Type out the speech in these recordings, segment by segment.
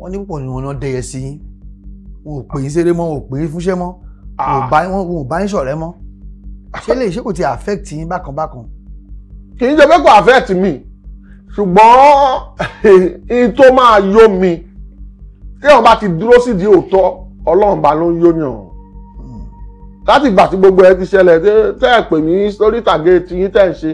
wọ́n ní púpọ̀ nínú wọn náà dẹ́yẹ sí yín wọn ò pè é ṣeré mọ́ wọn ò pè é fúnṣẹ́ mọ́ ah. wọn ò bá yín ṣọ̀rẹ́ mọ́ ṣé lè ṣé kò ti affect yín bákan bákan. kì í jẹ pé kò affect mi ṣùgbọ́n in tó máa yó mi téèyàn bá ti dúró sídìí òótọ́ ọlọ́run bá ló ń yóyàn hmm. láti ìgbà tí gbogbo ẹ ti ṣẹlẹ̀ tẹ́ ẹ pè mí sórí ìtàgé tiyín tẹ́ ń ṣe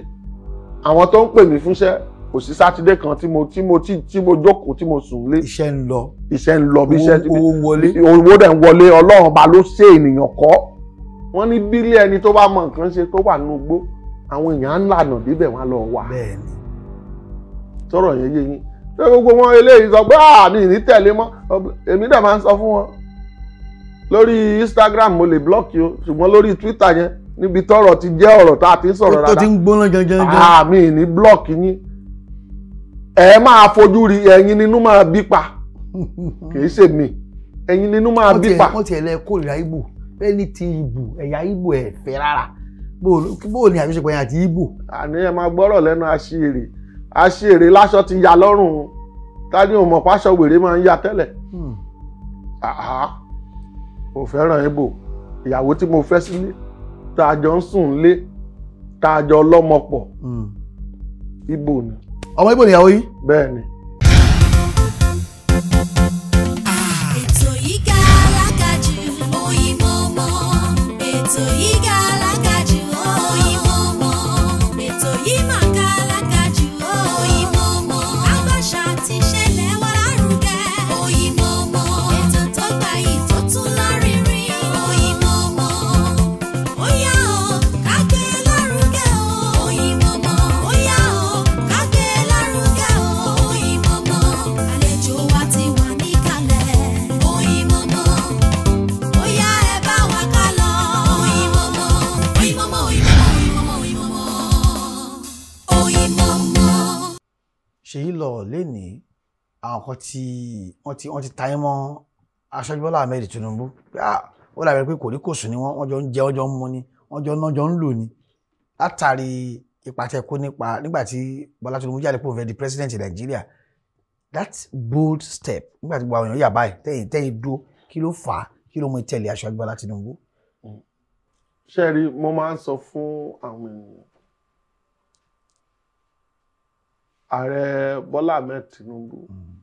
àwọn tó ń pè mí fúnṣẹ́ kò sí sátidé kan tí mo tí mo tí tí mo jókòó tí mo sùn lé. iṣẹ́ ń lọ. iṣẹ́ ń lọ bí iṣẹ́ ti bí owó wọlé. owó dẹ̀ ń wọlé ọlọ́run ba ló ṣe ènìyàn kọ́. wọ́n ní bílẹ̀ ẹni tó bá mọ nǹkan ṣe tó wà nínú igbó àwọn èèyàn ń lànà débẹ̀ wọ́n lọ wà. bẹ́ẹ̀ni. sọ̀rọ̀ yẹn yé yín ṣé gbogbo wọn eléyìí sọ pé àmì ah, ìní tẹ̀lé mọ́ èmi dẹ̀ máa ń sọ fún wọn lórí Instagram mo lè blọ́ọ̀kì o ṣùgbọ́n lórí Twitter yẹn níbi tọ́rọ̀ ti jẹ́ ọ̀rọ̀ tá a ti ń sọ̀rọ̀ rárá tó ti ń gbóná gangan. àmì ah, ìní blọ́ọ̀kì yín ẹ máa fojú rí ẹ̀yin nínú máa bí pa kìí ṣe mi ẹ̀yin nínú máa bí pa. wọ́n ti ẹ̀ lẹ kórìíra Ìgbò ẹni ti Ìgbò ẹ̀yà Ìgbò ẹ̀ fẹ́ rárá bóò ni àjọṣepọ̀ yẹn àti Ìgbò. àní ẹ máa gbọ́rọ̀ lẹ́nu aṣèrè aṣèrè láṣọ ti ya lọ́rùn tájú òmò pàṣọ wèrè máa ń ya tẹ́lẹ̀ ò hmm. fẹ́ràn Ìgbò ìyàwó tí mo fẹ́ sílé tá a jọ ń sùn lé tá a jọ lọ́mọ pọ̀ hmm. Ìgbò ni ọmọ ibo nìyàwó yín. bẹ́ẹ̀ ni. yìí ga alákàjù kan ti wọ́n ti wọ́n ti tayé mọ́ aṣáájú Bọ́lá Ahmed Tinubu ó dàbí pé kòríkòsùn ni wọ́n jọ ń jẹ ọjọ́ ń mu ni wọ́n jọ náà jọ ń lò ni látàrí ipa nípa nígbà Bọ́lá Tinubu jáde pò fẹ́ di president Nàìjíríà that bold step nígbà gbogbo àwọn èèyàn yà báyìí tẹ́yìn tẹ́yìn dúró kí ló fà á kí ló mú ìtẹ̀lé aṣáájú Bọ́lá Tinubu. ṣé rí mo máa ń sọ fún àwọn èèyàn ààrẹ Bọ́lá Ahmed Tinubu. Mm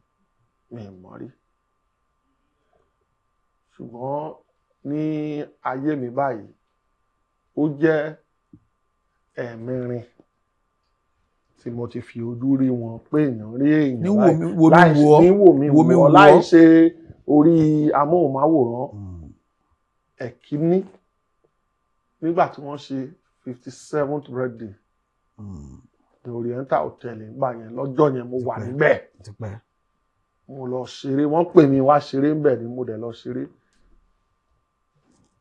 mi ì mọ̀ rí ṣùgbọ́n ní ayé mi báyìí ó jẹ́ ẹ̀ẹ̀mẹrin tí mo ti fi ojú rí wọn pé èèyàn rí èèyàn níwò mi wọ láì ṣe orí amóhùnmáwòrán hmm. ẹ̀kíní nígbà tí wọ́n ṣe fifty seventh birthday hmm. the Oriental Hotel nígbà yẹn lọ́jọ́ yẹn mo wà níbẹ̀ mo lọ ṣeré wọ́n pè mí wá ṣeré ń bẹ̀ ni mo dẹ̀ lọ ṣeré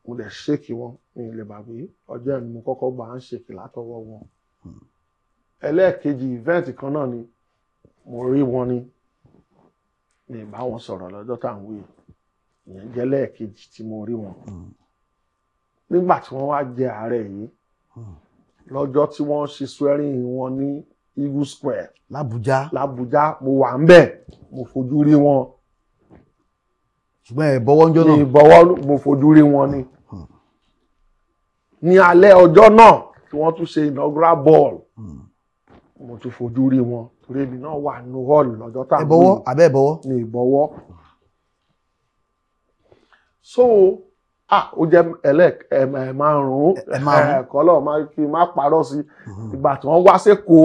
mo dẹ̀ ṣèkì wọn ní ilẹ̀ bàbí ọjọ́ ẹni mo kọ́kọ́ bá ń ṣèkì látọwọ́ wọn ẹlẹ́ẹ̀kejì event kan náà ni mo rí wọn ni ní ìbá wọn sọ̀rọ̀ lọ́jọ́ tá à ń wí ìyẹn jẹ́ lẹ́ẹ̀kejì tí mo rí wọn hmm. nígbà tí wọ́n wá jẹ ààrẹ yìí hmm. lọ́jọ́ tí wọ́n ṣe swearing wọn ní Eagle Square. L'Abuja. L'Abuja mo wà ń bẹ̀ mo fojú rí wọn. Ṣùgbọ́n ìbọwọ́ ń jọ náà. Ìbọwọ́ mo fojú rí wọn ni. Ní alẹ́ ọjọ́ náà tí wọ́n tún ṣe inaugural ball mo tún fojú rí wọn torí èmi náà wà nínú hall lọ́jọ́ tá a mú. Ìbọwọ́ àbẹ́ ìbọwọ́. Ní ìbọwọ́. So ah ó jẹ́ ẹlẹ́ẹ̀márùn-ún ẹ̀kọ́ lọ́ọ̀ máa fi má parọ́ sí ìgbà tí wọ́n wá sí Èkó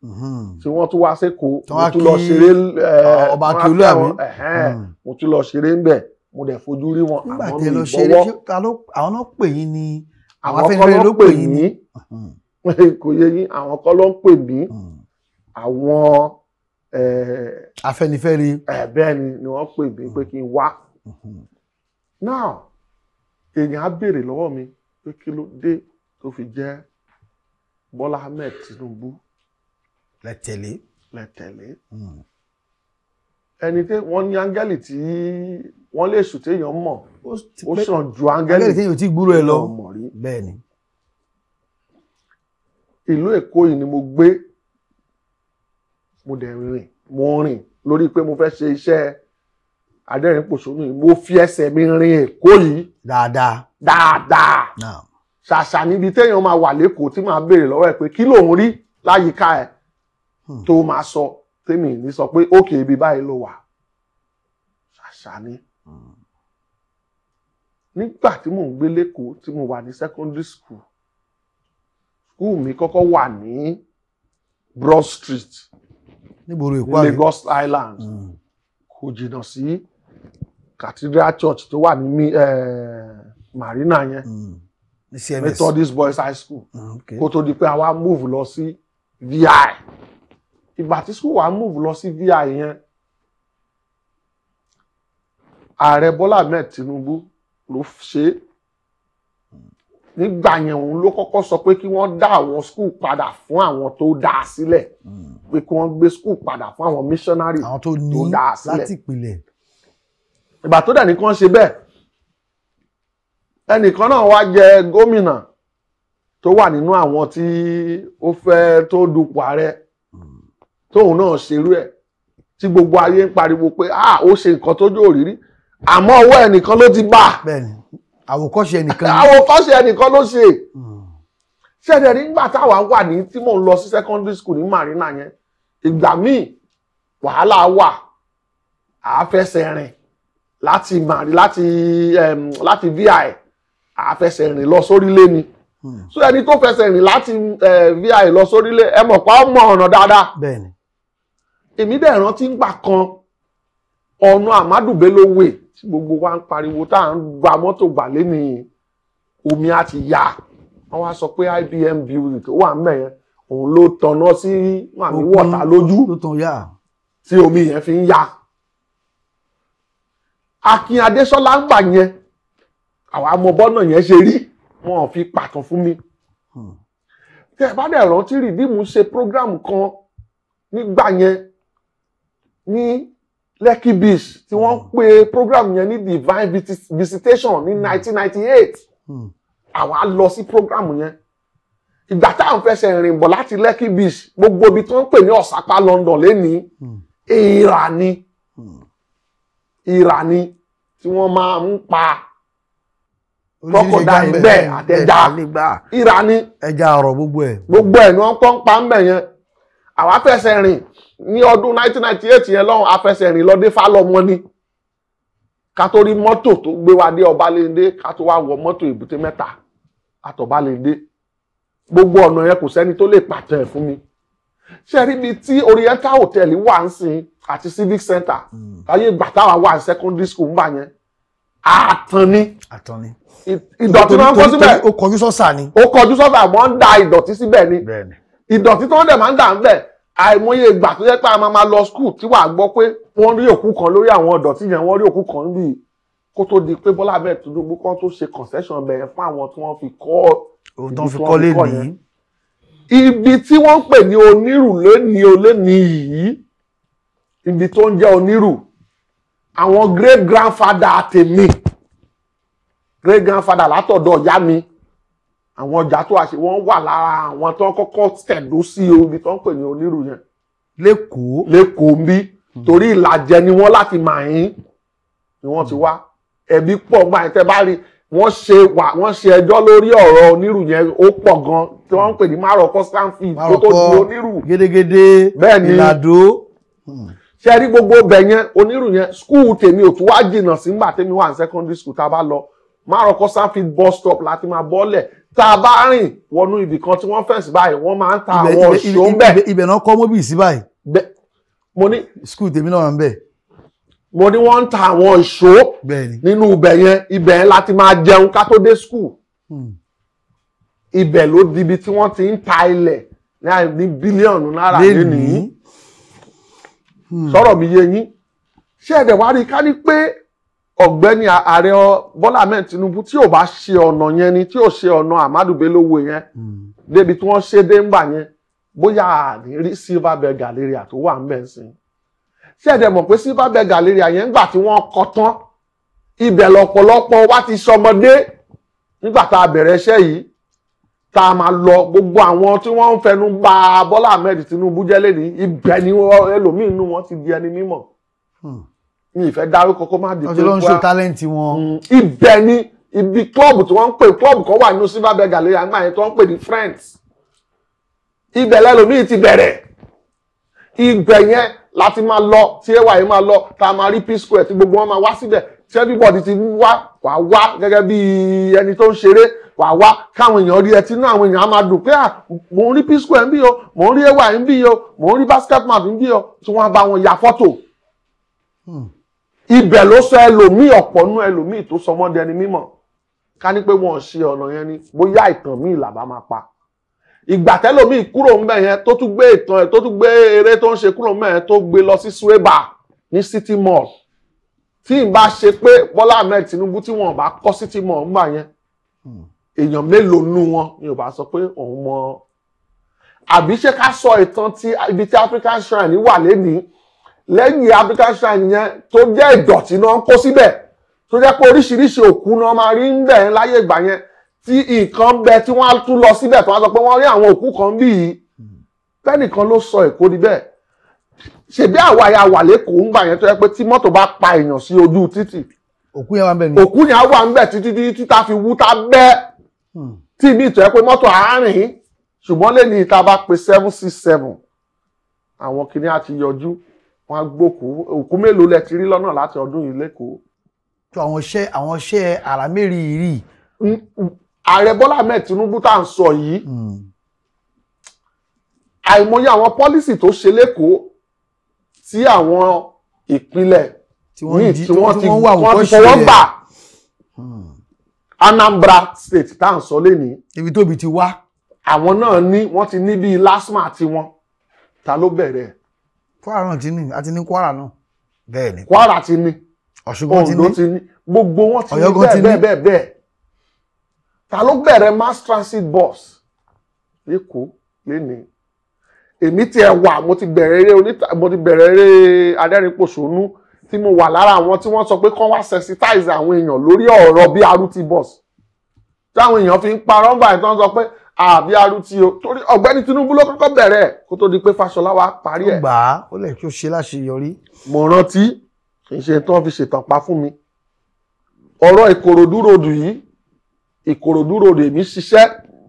tí mhm. wọ́n tún wá sékòó mo tún lọ ṣeré eh, ọba akiolu àbí mhm. mo tún lọ ṣeré ń bẹ̀ mo dẹ̀ fojú rí wọn àwọn mi ìbọ̀wọ́ àwọn náà pè yín ni àwọn Afẹ́nifẹ́re ló pè yín ni mhm. kò yé yín àwọn kọ́ ló ń pè mí àwọn eh, Afẹ́nifẹ́re eh, bẹ́ẹ̀ ni ni wọ́n pè mí pé kí n wá now èèyàn á béèrè lọ́wọ́ mi pé kí ló dé tó fi jẹ́ Bọ́lá Ahmed Tinubu lẹ tẹ̀lé. lẹ tẹ̀lé. Hmm. ẹni tí wọ́n ní áńgẹ́lì tí wọ́n lè sùn téèyàn mọ̀ ó sàn ju áńgẹ́lì téèyàn ti gbúrò ẹ lọ bẹ́ẹ̀ ni. ìlú Èkó yìí ni mo gbé mo dẹ̀ rìn mo rìn lórí pé mo fẹ́ ṣe iṣẹ́ adẹ́rìnpòṣónú yìí mo fi ẹsẹ̀ mi rin Èkó yìí. dáadáa. dáadáa. ṣàṣà níbi téèyàn máa wà lẹ́kọ̀ọ́ tí màá béèrè lọ́wọ́ ẹ̀ pé kí lòun rí láyìíká ẹ̀ Hmm. tó máa sọ tèmi ní sọ pé ókè ibi báyìí ló wà ṣàṣà ni. Hmm. nígbà tí mò ń gbé lẹ́kọ̀ọ́ tí mo wà ní secondary school school mi kọ́kọ́ wà ní Broad Street ní Lagos Island hmm. kò jìnnà sí Cathedral Church tó wà ní eh, Marina yẹn. Mm methodist boys high school kó tó di pé àwa move lọ sí vi ìgbà tí school wa move lọ sí VI yẹn ààrẹ Bọ́lá Ahmed Tinubu ló ṣe é nígbà yẹn òun ló kọ́kọ́ sọ pé kí wọ́n dá àwọn school padà fún àwọn tó dá a sílẹ̀ hmm. pé kí wọ́n gbé school padà fún àwọn missionary tó dá a sílẹ̀ ìgbà tó dẹ̀ ní kàn ṣe bẹ́ẹ̀ ẹnìkan náà wá jẹ gómìnà tó wà nínú àwọn tí ó fẹ́ tó dupò ààrẹ tóun náà ṣerú ẹ̀ tí gbogbo ayé ń pariwo pé ah ó ṣe nǹkan tójú òrírí àmọ́ ọwọ́ ẹnìkan ló ti bá àwòkọ́ṣe ẹnìkan àwòkọ́ṣe ẹnìkan ló ṣe hmm. ṣẹ̀dẹ̀ nígbà táwa wà ní tí mò ń lọ sí secondary school ní Marina yẹn ìgbà míì wàhálà wà àáfẹsẹ̀ rìn láti mari láti láti vi àáfẹsẹ̀ rìn lọ sórílé ni hmm. so ẹni tó fẹsẹ̀ rìn láti eh, vi lọ sórílé ẹ mọ̀ pa ọmọ ọ̀nà dáadáa. bẹ́ẹ̀ni èmi dẹ̀ rántí gbà kan ọ̀nà àmádùbélówè tí gbogbo wa ń pariwo tá à ń gba mọ́tò gbà lẹ́ni omi á ti yá wọ́n wá sọ pé IBM building tó wà mẹ́ yẹn òun ló tanná sí màmí wọ̀tá lójú tí omi yẹn fi ń yá Akin Adésọ́lá ń gbà yẹn àwa mọ bọ́nà yẹn ṣe rí wọn ò fi pàtàn fún mi hmm. tẹ ẹ bá dẹ̀ rántí rìdíìmù ṣe program kan nígbà yẹn ní lekki beach tí wọ́n hmm. pe program yẹn ní divine visitation ní 1998 hmm. hmm. àwa lọ sí program yẹn ìgbà tá à ń fẹsẹ̀ rìn bọ̀ láti lekki beach gbogbo ibi tí wọ́n ń pè ní ọ̀sápá London lénìí ìrà ni ìrà ni tí wọ́n máa ń pa kọkọdà ẹgbẹ àtẹjà ìrà ni ẹja ọ̀rọ̀ gbogbo ẹ̀ gbogbo ẹ̀ ni wọ́n kọ́ ń pa ń bẹ̀ yẹn àwa fẹsẹ̀ rìn ní ọdún 1998 yẹn lọ́hùn afẹsẹ̀rìn lọ dé fálọ́mọ ni ká tó rí mọ́tò tó gbé wa dé ọbalẹ́ndé ká tó wá wọ mọ́tò èbúté mẹ́ta àtọ̀balẹ́ndé gbogbo ọ̀nà yẹn kò sẹ́ni tó lè pàtẹ́ ẹ̀ fún mi ṣe ibi tí Oriental Hotel wà ń sìn àti Civic Center hmm. láyé ìgbà táwa wà ní secondary school ńgbà yẹn àtàn ni ìdọ̀tí máa ń kó síbẹ̀ ó kọjú sọ́sà ni ó kọjú sọ́sà àmọ́ ń da ìdọ̀tí síbẹ̀ ni ìdọ̀tí tó ń dẹ̀ máa ń dà ń bẹ̀ àìmọye ìgbà tó jẹ́ pé a máa ma lọ skul tí wàá gbọ́ pé wọ́n rí òkú kan lórí àwọn ọ̀dọ̀tí yẹn wọ́n rí òkú kan níbi kó tó di pé Bọ́lá bẹ́ẹ̀ Tinubu kan tó ṣe concession bẹ̀rẹ̀ fún àwọn tí wọ́n fi kọ́ òtún fi kọ́ lẹ́nìí. ibi tí wọ́n ń pè ní onírù lónìí olónìí yìí ibi tó ń jẹ́ onírù àwọn great grandfather tèmi great grandfather látọ̀dọ̀ ìyá mi àwọn ọjà tó àṣẹ wọn wà lára àwọn tó ń kọ́kọ́ tẹ̀dó sí omi tó ń pè ní onírù yẹn. lẹ́kọ̀ọ́ lẹ́kọ̀ọ́ ń bí hmm. torí ìlàjẹ ni wọ́n láti màáyín ni wọ́n ti wá ẹ̀mí pọ̀ gbà yẹn tẹ́ bá rí wọ́n ṣe wà wọ́n ṣe ẹjọ́ lórí ọ̀rọ̀ onírù yẹn ó pọ̀ gan tí wọ́n ń pè ní márọ̀kọ́ stanfield tó tó di onírù. gédégédé ìlàdó. Hmm. ṣe rí gbogbo bẹ̀ yẹn onírù yẹn skul tèmi ò tún wá jìnnà sí ngbà tèmi wà ní secondary school tá a bá lọ márọ̀kọ́ stanfield bus stop láti máa bọ́lẹ̀ tá a bá rìn wọnú ibì kan tí wọ́n fẹ̀sì báyìí wọ́n máa ń ta àwọn ọ̀ṣọ́ ń bẹ̀. ibẹ̀ náà kọ́ mọ́bì sí báyìí. mo ní. skul tèmi náà ń bẹ̀. mo ní wọ́n ń ta àwọn ọ̀ṣọ́ nínú ibẹ̀ yẹn ibẹ̀ yẹn láti máa jẹun ká tó dé skul. Hmm. ibẹ̀ ló di ibi tí wọ́n ti ń ta ilẹ̀ ní bílíọ̀nù náírà lénìí. Hmm. sọ̀rọ̀ mi yé yín ṣé ẹ̀dẹ̀ wá rí i ká ní pé ọ̀gbẹ́ni ààrẹ Bọ́lá Ahmed Tinubu tí ò bá ṣe ọ̀nà yẹn ni tí ò ṣe ọ̀nà Ahmadu Bello Way yẹn hmm. débi tí wọ́n ṣe dé ńgbà yẹn bóyá àní rí silver bell galleria tó wà ńbẹ̀ ńsìn ṣé ẹ̀dẹ̀ mọ̀ pé silver bell galleria yẹn ńgbà tí wọ́n kọ́ tán ibẹ̀ lọ́pọ̀lọpọ̀ wá ti sọmọdé nígbà tá a bẹ̀rẹ̀ iṣẹ́ yìí tá a máa lọ gbogbo àwọn tí wọ́n ń fẹnu bà Bọ́lá Ahmed Tinubu jẹ́ lẹ́ni ibẹ̀ ni ẹlòmíín nínú wọn ti di ẹni mímọ̀. Hmm mi ìfẹ́ dárúkọ kó má di pé wá. ọjọ́ ló ń ṣe tálẹ́ǹtì wọn. Mm, ibẹ̀ ni ibi klọ́ọ̀bù tí wọ́n ń pè klọ́ọ̀bù kan wà ní silverberg àlẹ́yà ńgbà yẹn tí wọ́n ń pè ní friends ibẹ̀ lẹ́lòmíì ti bẹ̀rẹ̀ ibẹ̀ yẹn láti máa lọ tí ẹwà yìí máa lọ tá a máa rí p-square tí gbogbo wọn máa wá síbẹ̀ tí everybody ti wá wà wá gẹ́gẹ́ bí ẹni tó ń ṣeré wà wá káwọn èèyàn rí ẹtí náà àwọn èèyàn á máa dùn pé mò ń rí p-square ń bí o mò ń rí ẹwà ń bí o mò ń rí basket map ń bí o tí wọ́n bá wọn ya fọ́tò. Hmm ibẹ̀ ló sọ ẹlòmíì ọ̀pọ̀ nú ẹlòmíì tó sọ wọ́n dẹni mímọ̀ ká ní pé wọ́n ṣe ọ̀nà yẹn ni bóyá ìtàn míì làbá máa pa ìgbà tẹ́lòmíì kúrò ń bẹ̀ yẹn tó tún gbé ìtàn ẹ̀ tó tún gbé eré tó ń ṣe kúrò ń bẹ̀ yẹn tó gbé lọ sí suweba ní city mall tí n bá ṣe pé Bọ́lá Ahmed Tinubu tí wọ́n bá kọ́ city mall ń bà yẹn hmm. èèyàn mélòó nú wọn ni ò bá sọ pé òun mọ àbí ṣé ká sọ ìtàn ti ibi tí African Shrine wà lénìí lẹ́yìn African shrine yẹn tó jẹ́ ìdọ̀tí náà ń kó síbẹ̀ tó jẹ́ pé oríṣiríṣi òkú náà máa rí ń bẹ̀ ń láyé ìgbà yẹn tí nǹkan bẹ tí wọ́n á tún lọ síbẹ̀ tó wá sọ pé wọ́n rí àwọn òkú kan bí yìí fẹ́nìkan ló sọ èkó ni bẹ́ẹ̀ ṣèbí àwa ya wà lẹ́kọ̀ọ́ ń gbà yẹn tó yẹ pé tí mọ́tò bá pa èèyàn sí ojú títì òkú yẹn wà ń bẹ̀ ni òkú yẹn wà ń bẹ̀ títí títí tá fi wú tá bẹ́ hmm. tí ibi ìtọ́ yẹ pé mọ́tò àárín ṣùgbọ́n lè ní ìta bá pe seven six seven àwọn kìnìún àti yọjú wọ́n á gbókú òkú mélòó lẹ ti rí lọ́nà láti ọdún yìí lẹ́kọ̀ọ́. tó àwọn iṣẹ́ àwọn iṣẹ́ àràmẹ́rì yìí. ààrẹ bọ́lá ahmed tinubu tá à ń sọ yìí hmm. àìmọye àwọn pọ́lísì tó ṣe lẹ́kọ̀ọ́ tí àwọn ìpínlẹ̀ míì tí wọ́n ti fọwọ́ gbà hmm. anambra state tá à ń sọ lẹ́nìí. ibi tóbi ti wá. àwọn náà ní wọ́n ti ní bíi lasma tiwọn ta ló bẹ̀rẹ̀ ẹ̀. Kwara náà ti ní àti ní Kwara náà. Bẹ́ẹ̀ ni. Kwara ti ní. Ọ̀ṣùgbọ́n ti ní. Ondo ti ní. Gbogbo wọn ti ní bẹ́ẹ̀ bẹ́ẹ̀ bẹ́ẹ̀ bẹ́ẹ̀. Ta ló bẹ̀rẹ̀ mass transit bus lẹ́kọ̀ọ́ lénìí? Èmi ti ẹ̀ wà mo ti bẹ̀rẹ̀ eré oníta mo ti bẹ̀rẹ̀ eré adẹ́rìnpòṣónú tí mo wà lára àwọn tí wọ́n sọ pé kán wá sensitize àwọn èèyàn lórí ọ̀rọ̀ bí arúti bus. Táwọn èèyàn fi ń parọ́ báyìí tán sọ pé àbí arúti o torí ọ̀gbẹ́ni Tinubu ló kọ́kọ́ bẹ̀rẹ̀ kó tó di pé Fáṣọlá wa parí ẹ̀. gbà á ó lè tún ṣe láṣeyọrí. mo rántí kì í ṣe tí wọ́n fi ṣètàn pa fún mi ọ̀rọ̀ Ìkòròdú ròdù yìí Ìkòròdú ròdù èmi ṣiṣẹ́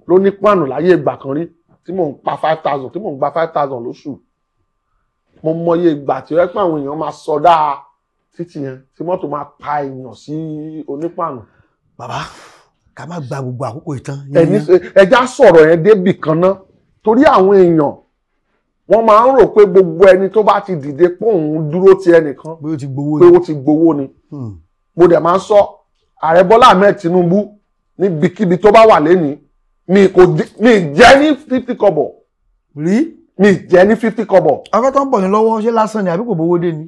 ló ní pàànù láyé ìgbà kan rí tí mò ń pa five thousand tí mò ń gba five thousand lóṣù mo mọye ìgbà tí ó yẹ pé àwọn èèyàn máa sọdá títì yẹn tí mọ́tò máa pa èèyàn sí onípàànù. bàbá ká má gba gbogbo àkókò ìtàn. ẹni ẹja sọ̀rọ̀ yẹn débì kan ná torí àwọn èèyàn wọ́n máa ń rò pé gbogbo ẹni tó bá ti dìde pé òun dúró ti ẹnìkan pé ó ti gbowó ni hmm. mo dẹ̀ máa ń sọ ààrẹ Bọ́lá Ahmed Tinubu níbikíbi tó bá wà lẹ́ni mi kò mi jẹ́ ní fifty kọ́bọ̀ rí mi jẹ́ ní fifty kọ́bọ̀. ọjọ́ tó ń bọ̀ ní lọ́wọ́ ṣé lásán ni àbí kò bówó dé ni.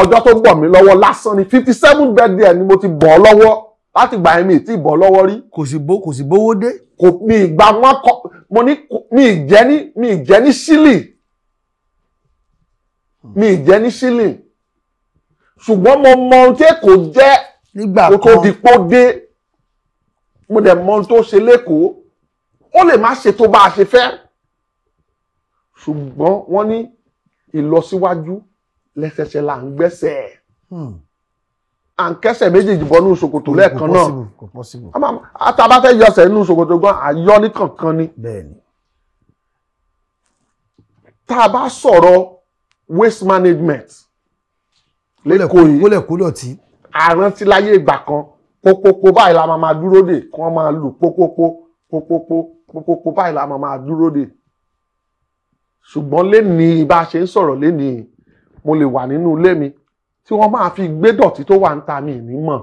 ọjọ́ tó ń bọ̀ mí lọ́wọ́ lásán ni fifty seven birthday ni mo ti bọ̀ ọ́ lọ́wọ́ láti gbà yẹn mi ì tí ì bọ́ lọ́wọ́ rí. kò sì bó kò sì bówó dé. kò mi ì gba wọn kọ mo ní mi ì jẹ ní mi ì jẹ ní sílì mi ì ní sílì ṣùgbọ́n mo mọ ohun tí èkó jẹ́ nígbà kan di pọ́ dé mo dẹ̀ mọ ohun tó ṣe lẹ́kọ̀ọ́ ó lè má ṣe tó bá a ṣe fẹ́ ṣùgbọ́n wọ́n ní ìlọsíwájú lẹ́sẹsẹ là ń gbẹ́sẹ̀. Hmm à ń kẹ́sẹ̀ méjèèjì bọ́ nínú ṣòkòtò lẹ́ẹ̀kan náà àtàbá fẹ́ yọ ẹsẹ̀ nínú ṣòkòtò gan àyọ ní kankan ni. tá a bá sọ̀rọ̀ waste management lẹ́kọ̀ọ́ yìí wọ́n lè kó dọ̀tí. àrántí láyé ìgbà kan pópópó báyìí la máa dúró dè kí wọ́n máa lù pópópó pópópó pópópó báyìí la máa dúró dè ṣùgbọ́n lénìí bá a ṣe ń sọ̀rọ̀ lénìí mo lè wà nínú ilé mi tí wọ́n máa fi gbé dọ̀tí tó wà ń ta mi ní mọ̀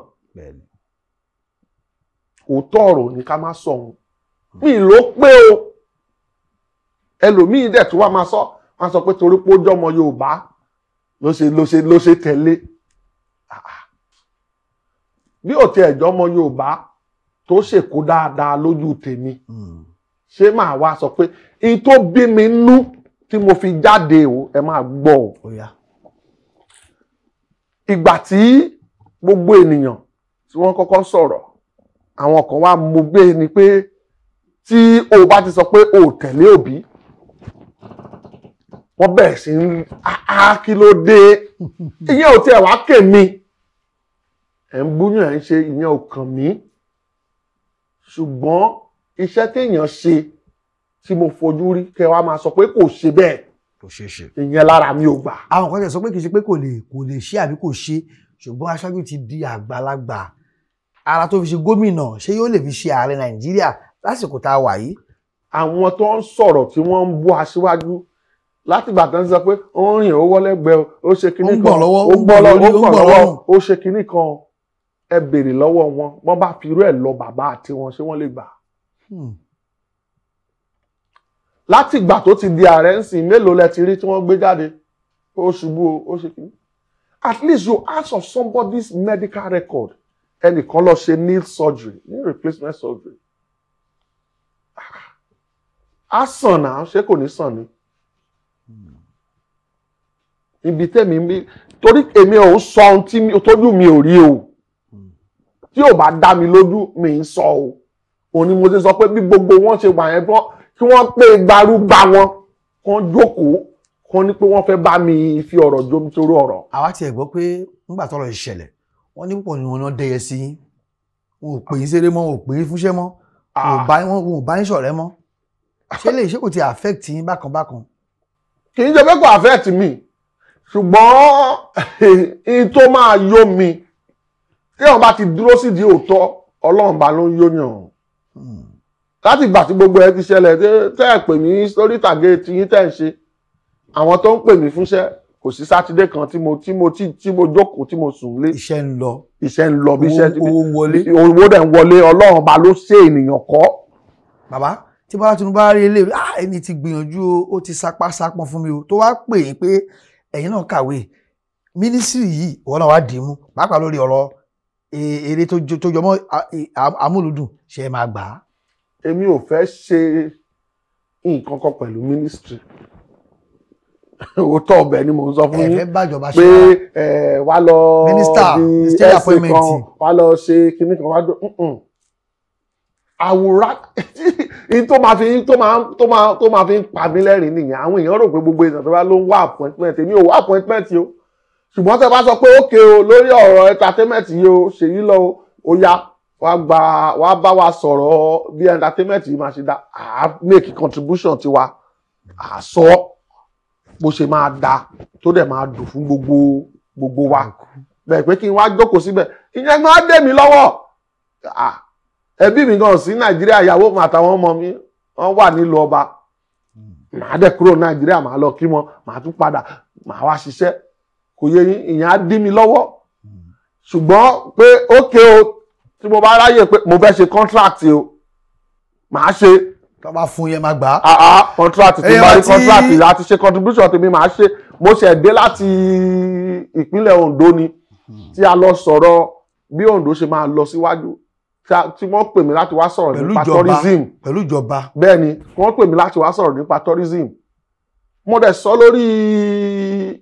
òótọ́ ọ̀rọ̀ ni ká má sọ òun mi ló pé o ẹlòmíì dẹ̀ tó wá máa sọ máa sọ pé torí pé ó jọmọ Yorùbá ló ṣe ló ṣe ló ṣe tẹ̀lé bí ò tiẹ̀ jọmọ Yorùbá tó ṣèkó dáadáa lójú tèmi hmm. ṣé màá wá sọ pé in tó bí mi nú tí mo fi jáde o ẹ máa gbọ́ o. Oh, yeah ìgbà tí gbogbo ènìyàn tí wọ́n kọ́kọ́ sọ̀rọ̀ àwọn kan wá mú gbé ni pé tí o bá ti sọ pé o tẹ̀lé òbí wọ́n bẹ̀rẹ̀ sí ń á kí ló dé ìyẹn ò tiẹ̀ wá kè mí ẹ̀ ń gbóyún ẹ̀ ń ṣe ìyẹn ò kàn mí ṣùgbọ́n iṣẹ́ téèyàn ṣe tí mo fojú rí kẹ́ wá máa sọ pé kò ṣe bẹ́ẹ̀ kò ṣeé ṣe. ìyẹn lára mi ò gbà. àwọn kan tẹ sọ pé kì í ṣe pé kò lè kò lè ṣe àbí kò ṣe ṣùgbọ́n aṣáájú ti di àgbàlagbà ara tó fi ṣe gómìnà ṣé yóò lè fi ṣe ààrẹ nàìjíríà lásìkò tá a wà yìí. àwọn tó ń sọ̀rọ̀ tí wọ́n ń bú aṣíwájú láti ìgbà tó ń sọ pé ó ń rìn ó wọlẹ́gbẹ́ ó ṣe kinní kan ó ń gbọ̀n lọ́wọ́ ó ń gbọ̀n lọ́wọ́ ó ṣe kinní kan ẹ béèrè lọ́wọ́ wọn wọ́n bá fi irú ẹ̀ lọ bàbá àti wọn ṣé wọ́n lè gbà. Hmm láti ìgbà tó ti di ààrẹ ń sìn mélòó lẹ ti rí tí wọ́n gbé jáde ó ṣubú ó ṣe kìíní at least you ask of somebody's medical record ẹnìkan lọ ṣe knee surgery knee replacement surgery ah, á sàn náà ṣé kò ní sàn ni ibi tẹ́mi mi torí èmi ò sọ ohun tí tójú mi ò rí o tí ò bá dá mi lójú mi ń sọ o òun ni mo ti sọ pé bí gbogbo wọn ṣe wà yẹn bọ́ kí wọ́n pé gbarú bá wọn kan jókòó kan ní pé wọ́n fẹ́ bá mi fi ọ̀rọ̀ jomi torí ọ̀rọ̀. àwa tiẹ̀ gbọ́ pé nígbà tọ́rọ̀ ìṣẹ̀lẹ̀ wọ́n ní púpọ̀ ni wọn náà dẹyẹ sí yín wọn ò pè é ṣeré mọ́ wọn ò pè é fúnṣẹ́ mọ́ ah. wọn ò bá yín ṣọ̀rẹ́ mọ́ ṣé lè ṣé kò ti affect yín bákan bákan. kì í ṣe pé kò affect mi ṣùgbọ́n in tó máa yó mi téèyàn bá ti dúró sídìí òótọ́ ọlọ́run bá ló ń yóyàn. Hmm láti ìgbà tí gbogbo ẹ ti ṣẹlẹ̀ tẹ́ ẹ pè mí sórí ìtàgé tiyín tẹ́ ń ṣe àwọn tó ń pè mí fúnṣẹ́ kò sí sátidé kan tí mo tí mo tí mo jókòó tí mo sùn lé. iṣẹ́ ń lọ iṣẹ́ ń lọ bí iṣẹ́ ti owó wọlé owó dẹ̀ ń wọlé ọlọ́run ba ló ṣe ènìyàn kọ́. bàbá tí bá tún bá rí ilé ah èmi ti gbìyànjú ó ti sapá sapọn fún mi o tó wá pè é pé ẹ̀yin náà kàwé mínísírì yìí ìwọ náà wá dì í mú pàápàá lórí ọ̀rọ̀ èrè e, tó jọmọ́ e, amúlùdùn ṣe é máa gbà á èmi ò fẹ́ ṣe nǹkan kan pẹ̀lú ministry òótọ́ ọbẹ̀ ni mo ń sọ fún yín pé wá lọ di ẹsẹ̀ kan wá lọ ṣe kinní kan wá dùn àwòrán tó máa fi tó máa tó máa tó máa fi ń pa mí lẹ́rìn nìyẹn àwọn èèyàn rò pé gbogbo èèyàn tó bá ló ń wá appointment èmi ò wá appointment o ṣùgbọ́n tẹ bá sọ pé ókè o lórí ọ̀rọ̀ entertainment yìí o ṣèyí lọ o ó wá gba wá bá wa sọ̀rọ̀ bí entertainment yìí máa ṣe dá à make contribution tiwa a á sọ bó ṣe máa da tó dẹ̀ máa dùn fún gbogbo gbogbo wa bẹ́ẹ̀ pé kí n wá jókòó síbẹ̀ ìyẹn máa dẹ̀ mí lọ́wọ́ ẹbí mi gan sí nàìjíríà ìyàwó mi àtàwọn ọmọ mi wọ́n wà nílùú ọba màá dẹ̀ kúrò nàìjíríà màá lọ kí wọn màá tún padà màá wá ṣiṣẹ́ kò yẹ ìyẹn á dí mi lọ́wọ́ ṣùgbọ́n pé ókè o tí mo bá ráyè pé mo fẹ́ ṣe contract o màá ṣe. tó bá fún yẹn máa gbà á. Ah, ah, contract tí mo rí contract láti ṣe contribution tèmi màá ṣe mo ṣẹ̀ dé láti ìpínlẹ̀ Ondo ni tí a lọ sọ̀rọ̀ bí Ondo ṣe máa lọ síwájú tí wọ́n pè mí láti wá sọ̀rọ̀ nípa tourism pẹ̀lú ìjọba bẹ́ẹ̀ ni wọ́n pè mí láti wá sọ̀rọ̀ nípa tourism mo dẹ̀ sọ lórí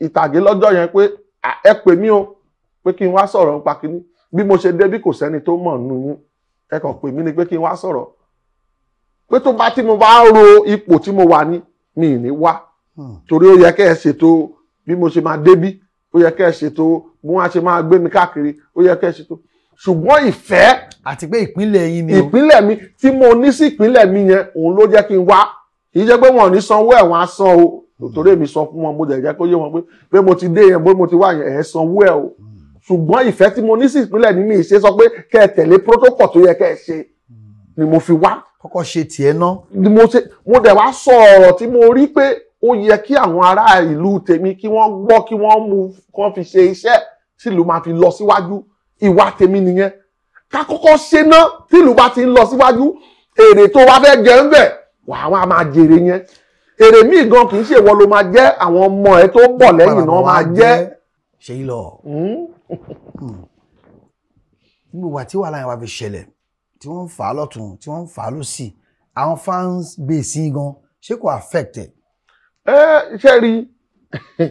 ìtàgé lọ́jọ́ yẹn pé ẹ pè mí o pé kí n wá sọ̀rọ̀ nípa kínní bí mo ṣe débí kò sẹ́ni tó mọ̀ nù yín ẹ kàn pè ni pé kí n wá sọ̀rọ̀ pé tó bá tí mo bá ro ipò tí mo wà ní mi ì ní wá hmm. torí ó yẹ kẹ́ ẹ ṣètò bí mo ṣe máa débí ó yẹ kẹ́ ẹ ṣètò bí wọ́n á ṣe máa gbé mi káàkiri ó yẹ kẹ́ ẹ ṣètò ṣùgbọ́n ìfẹ́ àti pé ìpínlẹ̀ yín ni o ìpínlẹ̀ mi tí mo ní sí ìpínlẹ̀ mi yẹn òun ló jẹ́ kí n wá kì í jẹ́ pé wọn ò ní sanwó ẹ̀ wọ́n o torí èmi sọ fún wọn mo jẹ̀ jẹ́ kó yé wọn pé pé mo ti dé yẹn pé mo ti wá yẹn ẹ̀ sanwó ẹ̀ o ṣùgbọ́n ìfẹ́ tí mo ní sí ìpínlẹ̀ ní mi ṣe sọ pé kẹ́ ẹ tẹ̀lé protocol tó yẹ kẹ́ ẹ ṣe ni mo fi wá. kọ́kọ́ ṣe tiẹ̀ ná. ni mo ṣe mo dẹ̀ wá sọ ọ̀rọ̀ tí mo rí pé ó yẹ kí àwọn ará ìlú tèmi kí wọ́n gbọ́ kí wọ́n mú kán fi ṣe iṣẹ́ tìlú máa fi lọ síwájú ìwà tèmi nìyẹn ká kọ́kọ́ ṣe ná tìlú bá ti ń lọ síwájú èrè tó wá fẹ́ jẹ ń bẹ̀ wàá wá máa jèrè yẹn èrè míì gan kì í ṣèwọ ló máa jẹ àwọn ọmọ ẹ tó bọ̀ lẹ́yìn náà máa jẹ. ṣe é lọ. Hmm? Hmm. gbogbo àti wàhálà yẹn wà fi ṣẹlẹ̀ tí wọ́n ń fà á lọ́tún tí wọ́n ń fà á lọ́sì àwọn fans base yín gan ṣé kò affect ẹ̀. ẹ ṣe rí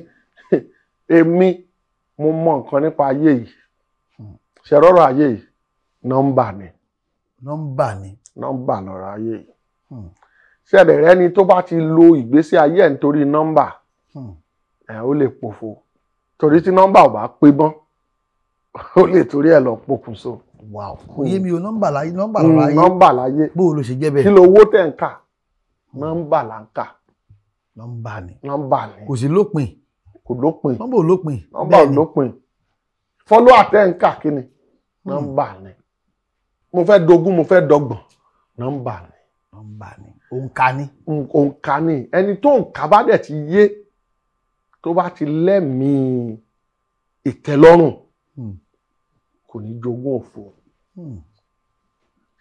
èmi mo mọ nǹkan nípa ayé yìí ṣe rọrọ̀ ayé yìí nọ́mbà ni. nọ́mbà ni. nọ́mbà lọ̀rọ̀ ayé yìí hmm. ṣẹlẹ̀ rẹ ni tó bá ti lo ìgbésí ayé ẹ̀ nítorí nọ́mbà hmm. ẹ̀ ó lè pòfo torí tí nọ́mbà ò bá pé bọ́n. ó lè torí ẹ̀ lọ pokùnso. iye mi ò nọ́mbà láyé nọ́mbà hmm, láyé nọ́mbà láyé bó o lọ ṣe jẹ́ bẹ́ẹ̀. kí lo owó tẹ̀ ń kà nọ́mbà là ń kà. nọ́mbà ni nọ́mbà ni kò sí lópin. kò lópin nọ́mbà ò lópin. nọ́mbà ò lópin fọ́lọ́ àtẹ̀ ń kà kí ni hmm. nọ́mbà ni mo fẹ́ dogún mo fẹ́ dọgbọ̀n nọ́mbà ni. nọ́mbà ni òǹkà ni. òǹkà ni ẹni tó òǹkà bá dẹ̀ ti yé tó bá ti lẹ́mìí ìtẹ́lọ́rùn. Hmm kò ní jogún òfò hmm.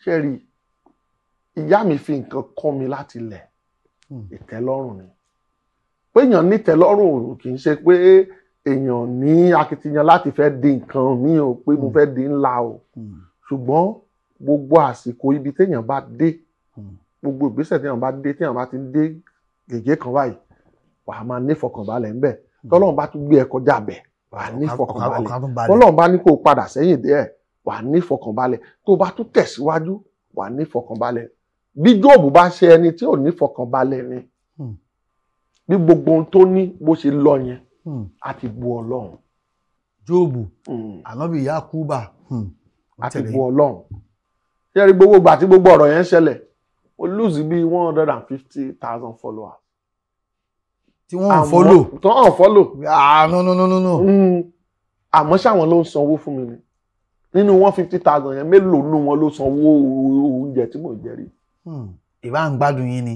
ṣe rí ìyá mi fi nǹkan kọ́ mi láti lẹ̀ hmm. ìtẹ́lọ́rùn ni pé èèyàn nítẹ́lọ́rùn kì í ṣe pé èèyàn ní akitiyan láti fẹ́ di nǹkan mi ò pé mo hmm. fẹ́ di ńlá o ṣùgbọ́n gbogbo àsìkò ibi téèyàn bá dé gbogbo ìgbésẹ̀ téèyàn bá dé téèyàn bá ti dé gègé kan báyìí wàá máa nífọ̀kànbalẹ̀ ńbẹ̀ tọ́lọ́run bá tún gbé ẹ kọjá bẹ́ẹ̀ wà ní fọkànbalẹ̀ Ọlọ́run bá ní kó o padà sẹ́yìn díẹ̀ wà á ní fọkànbalẹ̀ tó o bá tún tẹ̀síwájú wà á ní fọkànbalẹ̀ bí Jóòbù bá ṣe ẹni tí ò ní fọkànbalẹ̀ ni hmm. bí gbogbo ohun tó ní bó ṣe lọ yẹn á hmm. ti bu Ọlọ́run. Jóòbù hmm. ànábì Yakuba á ti bu Ọlọ́run ṣé ẹ rí gbogbo gbà tí gbogbo ọ̀rọ̀ yẹn ń ṣẹlẹ̀ ó lose bí one hundred and fifty thousand followers tí wọ́n ń fọ́lò. tó fọ́lò. ah no no no no no. Mm. àmọ́ ṣáwọn ló ń sanwó fún mi ni nínú one fifty thousand yẹn mélòó nínú wọn ló sanwó oúnjẹ tí mò ń jẹ rí. Hmm. ìbá ń gbádùn yín ni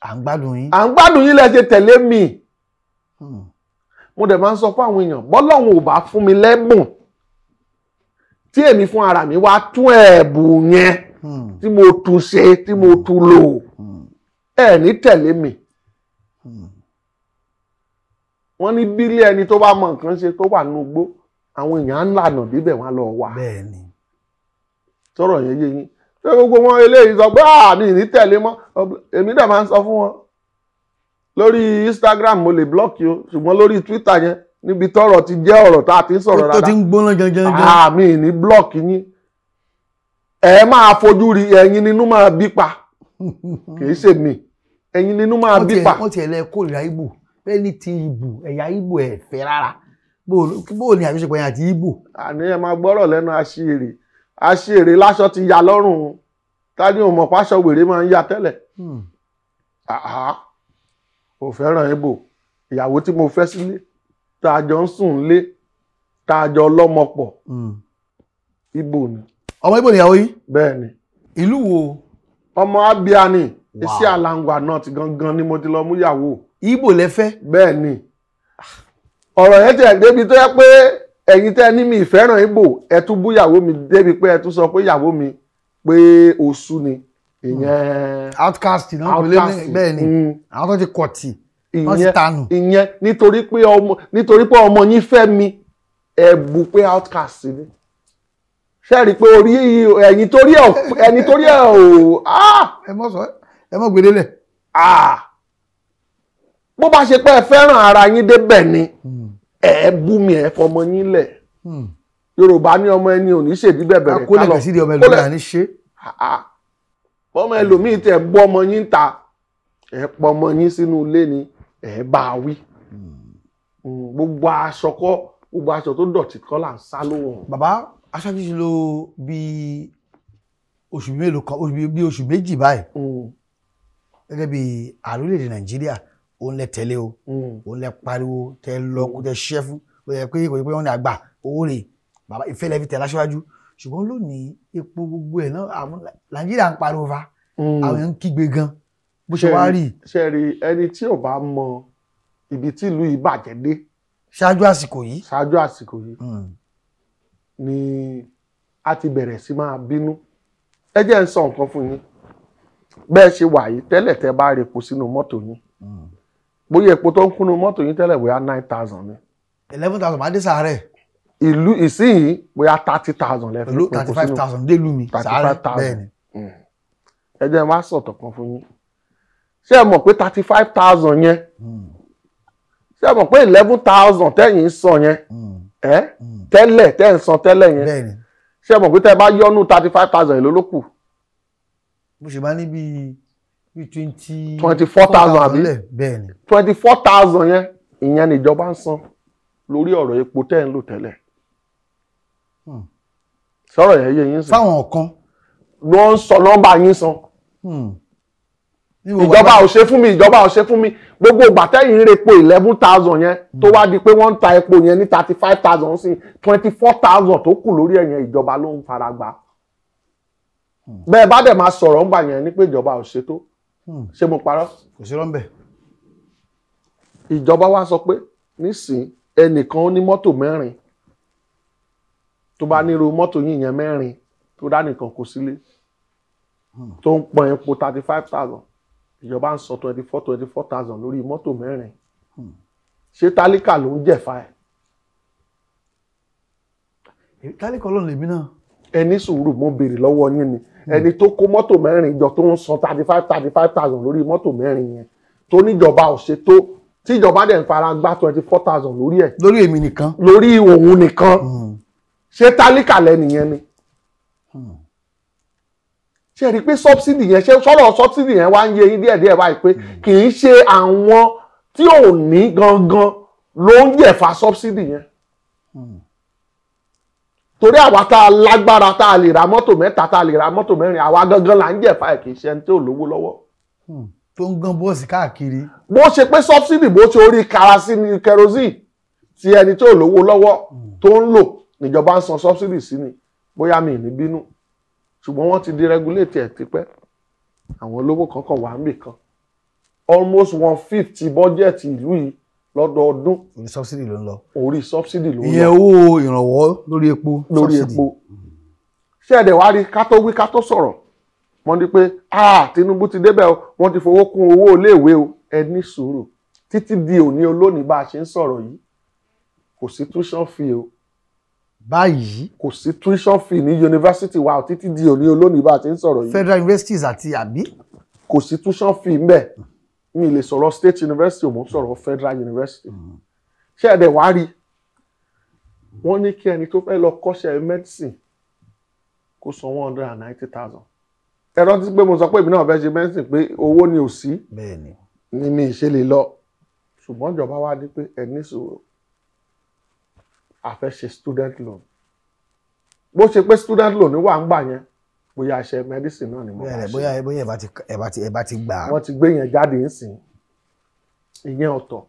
à ń gbádùn yín. à ń gbádùn yín lẹ́sẹ̀ tẹ̀lé mi. Hmm. mo dẹ̀ máa ń sọ fún àwọn èèyàn bọ́lọ́hún ò bá fún mi lẹ́bùn tí èmi fún ara mi wá tún ẹ̀bùn yẹn hmm. tí mo tún ṣe tí mo tún lò ẹ̀ ní tẹ̀lé mi. Hmm wọ́n ní bílẹ̀ ẹni tó bá mọ nǹkan ṣe tó wà nínú igbó àwọn èèyàn ń lànà débẹ̀ wọ́n lọ wà. bẹ́ẹ̀ni. sọ̀rọ̀ yẹn yé yín ṣé gbogbo wọn eléyìí sọ pé àmì ah, ní tẹ̀lé mọ́ èmi dẹ̀ máa ń sọ fún wọn lórí Instagram mo lè blọ́ọ̀kì o ṣùgbọ́n lórí Twitter yẹn níbi tọ́rọ̀ ti jẹ́ ọ̀rọ̀ tá a ti ń sọ̀rọ̀ dáadáa tó ti ń gbóná gangan gangan ah, àmì ní blọ́ọ̀kì yín ẹ máa fojú rí ẹ̀yin nínú máa bí kì í ṣèmi ẹ̀yin nínú máa bí wọ́n ti ẹ̀ lẹ́ kórìíra Ìgbò pẹ́ẹ́nì ti ìbò ẹ̀yà ìbò ẹ̀ fẹ́ rárá bóò ni àjọṣepọ̀ yẹn àti ìbò. àní ẹ máa gbọ́rọ̀ lẹ́nu aṣèrè aṣèrè láṣọ ti ya lọ́rùn tani ò mọ̀ páṣọ wèrè máa ń ya tẹ́lẹ̀ ò hmm. fẹ́ràn ìbò ìyàwó tí mo fẹ́ sílé tá a jọ ń sùn lé tá a jọ lọ́mọ pọ̀ ìbò hmm. ni. ọmọ ìbò nìyàwó yìí. bẹ́ẹ̀ ni. ìlú wo. ọmọ abia ni iṣẹ́ àlàǹgbà náà ti gangan ni mo ti lọ mú o Ìgbò lẹ́fẹ́. bẹ́ẹ̀ ni ah. ọ̀rọ̀ yẹn tẹ̀ débi tó yẹ pé ẹ̀yin tẹ́ ní mi ìfẹ́ràn Ìgbò ẹ tún bú ìyàwó mi débi pé ẹ tún sọ pé ìyàwó mi pé oṣù ni ìyẹn. Hmm. outcast náà kò lè bẹ́ẹ̀ ni hmm. àwọn tó ti kọ̀ tì wọ́n ti tanù. ìyẹn nítorí pé ọmọ nítorí pé ọmọ yín fẹ́ mi ẹ bú pé outcast ni sẹ́ẹ̀rí pé orí ẹ̀yin torí ẹ̀ ẹ̀yin torí ẹ̀ ò. Ah! ẹ mọ̀ sọ ẹ mọ̀ gbèdélẹ̀. Ah! bó bá ṣe pé ẹ fẹ́ràn ara yín débẹ̀ ni hmm. ẹ bú mi ẹ fọmọ yín lẹ̀ hmm. yorùbá ní ọmọ ẹni ò ní ṣèbí bẹ̀bẹ̀ rẹ̀ kálọ̀ kólẹ̀ ọmọ ẹlòmíì ní ṣe. ọmọ ẹlòmíì tẹ bú ọmọ yín ta ẹ pọ ọmọ yín sínú ilé ni ẹ bá a wí hmm. gbogbo aṣọ kọ́ gbogbo aṣọ tó dọ̀tí kọ́ là ń sá lóhùn. bàbá aṣáájú ti lò bíi oṣù mélòó kan bíi oṣù méjì báyìí gẹ́gẹ́ bíi ààrẹ èdè nàìjíríà òun lẹ tẹ̀lé o òun hmm. lẹ pariwo tẹ lọ kó tẹ ṣiṣẹ́ fún ó yẹ pé kò yẹ pé wọ́n ní àgbà owó rè bàbá ìfẹ́ lẹ fi tẹ̀ láṣáájú ṣùgbọ́n lónìí epo gbogbo ẹ̀ náà àwọn nàìjíríà ń pariwo fa hmm. àwọn èèyàn ń kígbe gan bó ṣe wá rí. ṣẹ́ẹ̀rì ẹni tí ò bá mọ ibi tí ìlú yìí bàjẹ́ dé. ṣáájú àsìkò yìí. ṣáájú àsìkò yìí hmm. ni a ti bẹ̀rẹ̀ sí máa bínú ẹ jẹ́ ń sọ nǹkan fún yín bẹ́ẹ̀ ṣe wà yìí tẹ́lẹ̀ tẹ́ bá repo sínú mọ́tò yín bóyá epo tó ń kúnnú mọ́tò yín tẹ́lẹ̀ bóyá nine thousand ni. eleven thousand máa dé sàárẹ̀. ìlú ìsíyìí bóyá thirty thousand lẹ́fẹ̀ẹ́ pẹ̀lú thirty five thousand dé lumi sàárẹ̀ bẹ́ẹ̀ ni. Mm. ẹ jẹ́ wá sọ̀tọ̀ kan fún yín ṣé ẹ mọ̀ pé thirty five thousand yẹn mm. ṣé ẹ mọ̀ pé eleven thousand tẹ́yìn ń san yẹn mm. ẹ tẹ́lẹ̀ tẹ́ ń san tẹ́lẹ̀ yẹn ṣé ẹ mọ̀ pé tẹ́ bá yọ́nú thirty five thousand èlò ló kù. mo ṣe máa ní bíi bí twenty. four thousand twenty four thousand yẹn ìyẹn níjọba ń san lórí ọ̀rọ̀ epo tẹ́ ẹ̀ ń lò tẹ́lẹ̀. Hmm. sọ̀rọ̀ yẹn yé yín sàn. fáwọn kan. ló ń sọ nọ́mbà yín san. Hmm. ìjọba ò ṣe fún mi ìjọba ò ṣe fún mi gbogbo ìgbà tẹ́yìn ń repo eleven thousand yẹn tó wá di pé wọ́n ń ta epo yẹn ní thirty five thousand sí twenty four thousand tó kù lórí ẹ̀yẹn ìjọba ló ń fara gbà. Hmm. bẹ́ẹ̀ bá dẹ̀ máa sọ̀rọ̀ ńgbà yẹn ní pé ìjọba ò ṣe tó. Hmm. ṣé mo parọ́. kò sí rọ́ńbẹ́. ìjọba wa sọ pé nísìnyí ẹnìkan ó ní mọ́tò mẹ́rin tó bá nírú mọ́tò yìí yẹn mẹ́rin tó dánìkan kò sílé hmm. tó ń pọn epo thirty five thousand ìjọba ń sọ twenty four twenty four thousand lórí mọ́tò mẹ́rin hmm. ṣé tálíkà ló ń jẹ̀fà ẹ̀. tálíkà ọlọ́run lèmi náà. ẹ ní sùúrù mo béèrè lọ́wọ́ yín ni Hmm. ẹni tó kó mọ́tò mẹ́rin jọ tó ń san thirty five thirty five thousand lórí mọ́tò mẹ́rin yẹn tó níjọba ò ṣe tó tíjọba dẹ̀ ń fara gbá twenty four thousand lórí ẹ̀. lórí èmi nìkan. lórí òun nìkan hmm. ṣé tálíkà lẹ́nìyẹn ni. Hmm. ṣé ẹ rí i pé subsidy yẹn ṣé sọ̀rọ̀ subsidy yẹn wá ń yé yín díẹ̀díẹ̀ báyìí pé kì í ṣe àwọn tí ò ní gangan ló ń jẹ̀fà subsidy yẹn. Hmm torí àwa tá a lágbára tá a lè ra mọ́tò mẹ́ta tá a lè ra mọ́tò mẹ́rin àwa gangan là ń jẹ̀fà ẹ̀ kì í ṣe ẹni tí ò lówó lọ́wọ́. Hmm. tó ń gan bọ́ọ̀sì káàkiri. bó ṣe pé sọ́bsidì bó ṣe orí karasíìnì kerosene ti ẹni tí lówó lọ́wọ́ hmm. tó ń lò níjọba ń san sọ́bsidì sí ni bóyá mi ní bínú ṣùgbọ́n wọ́n ti di regulate ẹ̀ tipẹ́ àwọn olówó kankan wà ń bì kan almost one fifty bọ́jẹ̀tì ìlú yìí lọ́dọọdún. orí sọ́bsidì ló ń lọ. orí sọ́bsidì ló ń lọ. ìyẹn owó ìrànwọ́ lórí epo. lórí epo. ṣé ẹ̀dẹ̀ wá rí ká tó wí ká tó sọ̀rọ̀ wọ́n ní pé Tinubu ti débẹ̀ o wọ́n ti fowó kún owó iléèwé o ẹ ní sùúrù títí di òní olónìí bá a ṣe ń sọ̀rọ̀ yìí kò sí tuition fee o. báyìí. kò sí tuition fee ní yunifásitì wa o títí di òní olónìí bá a ṣe ń sọ̀rọ̀ yìí. federal universities àti àbí. kò sí tuition fee ń bẹ̀ mi le sọ̀rọ̀ state university mo ń federal university mm. ṣé ẹ̀dẹ̀ wá rí wọ́n ní kí ẹni tó fẹ́ lọ kọ́ṣẹ́ medicine kó san one hundred and ninety thousand ẹ̀rọ ti pé mo sọ pé èmi náà fẹ́ ṣe medicine pé owó ni ò sí ni mi ṣe lè lọ ṣùgbọ́n ìjọba wá ní pé ẹ ní sùúrù a fẹ́ ṣe student loan bó ṣe pé student loan wà ń gbà yẹn bóyá aṣẹ mẹdísìn náà ni mo bá ṣe bóyá bóyá ẹ bá ti gbà á. wọ́n ti gbé yẹn jáde ńsìn ìyẹn ọ̀tọ̀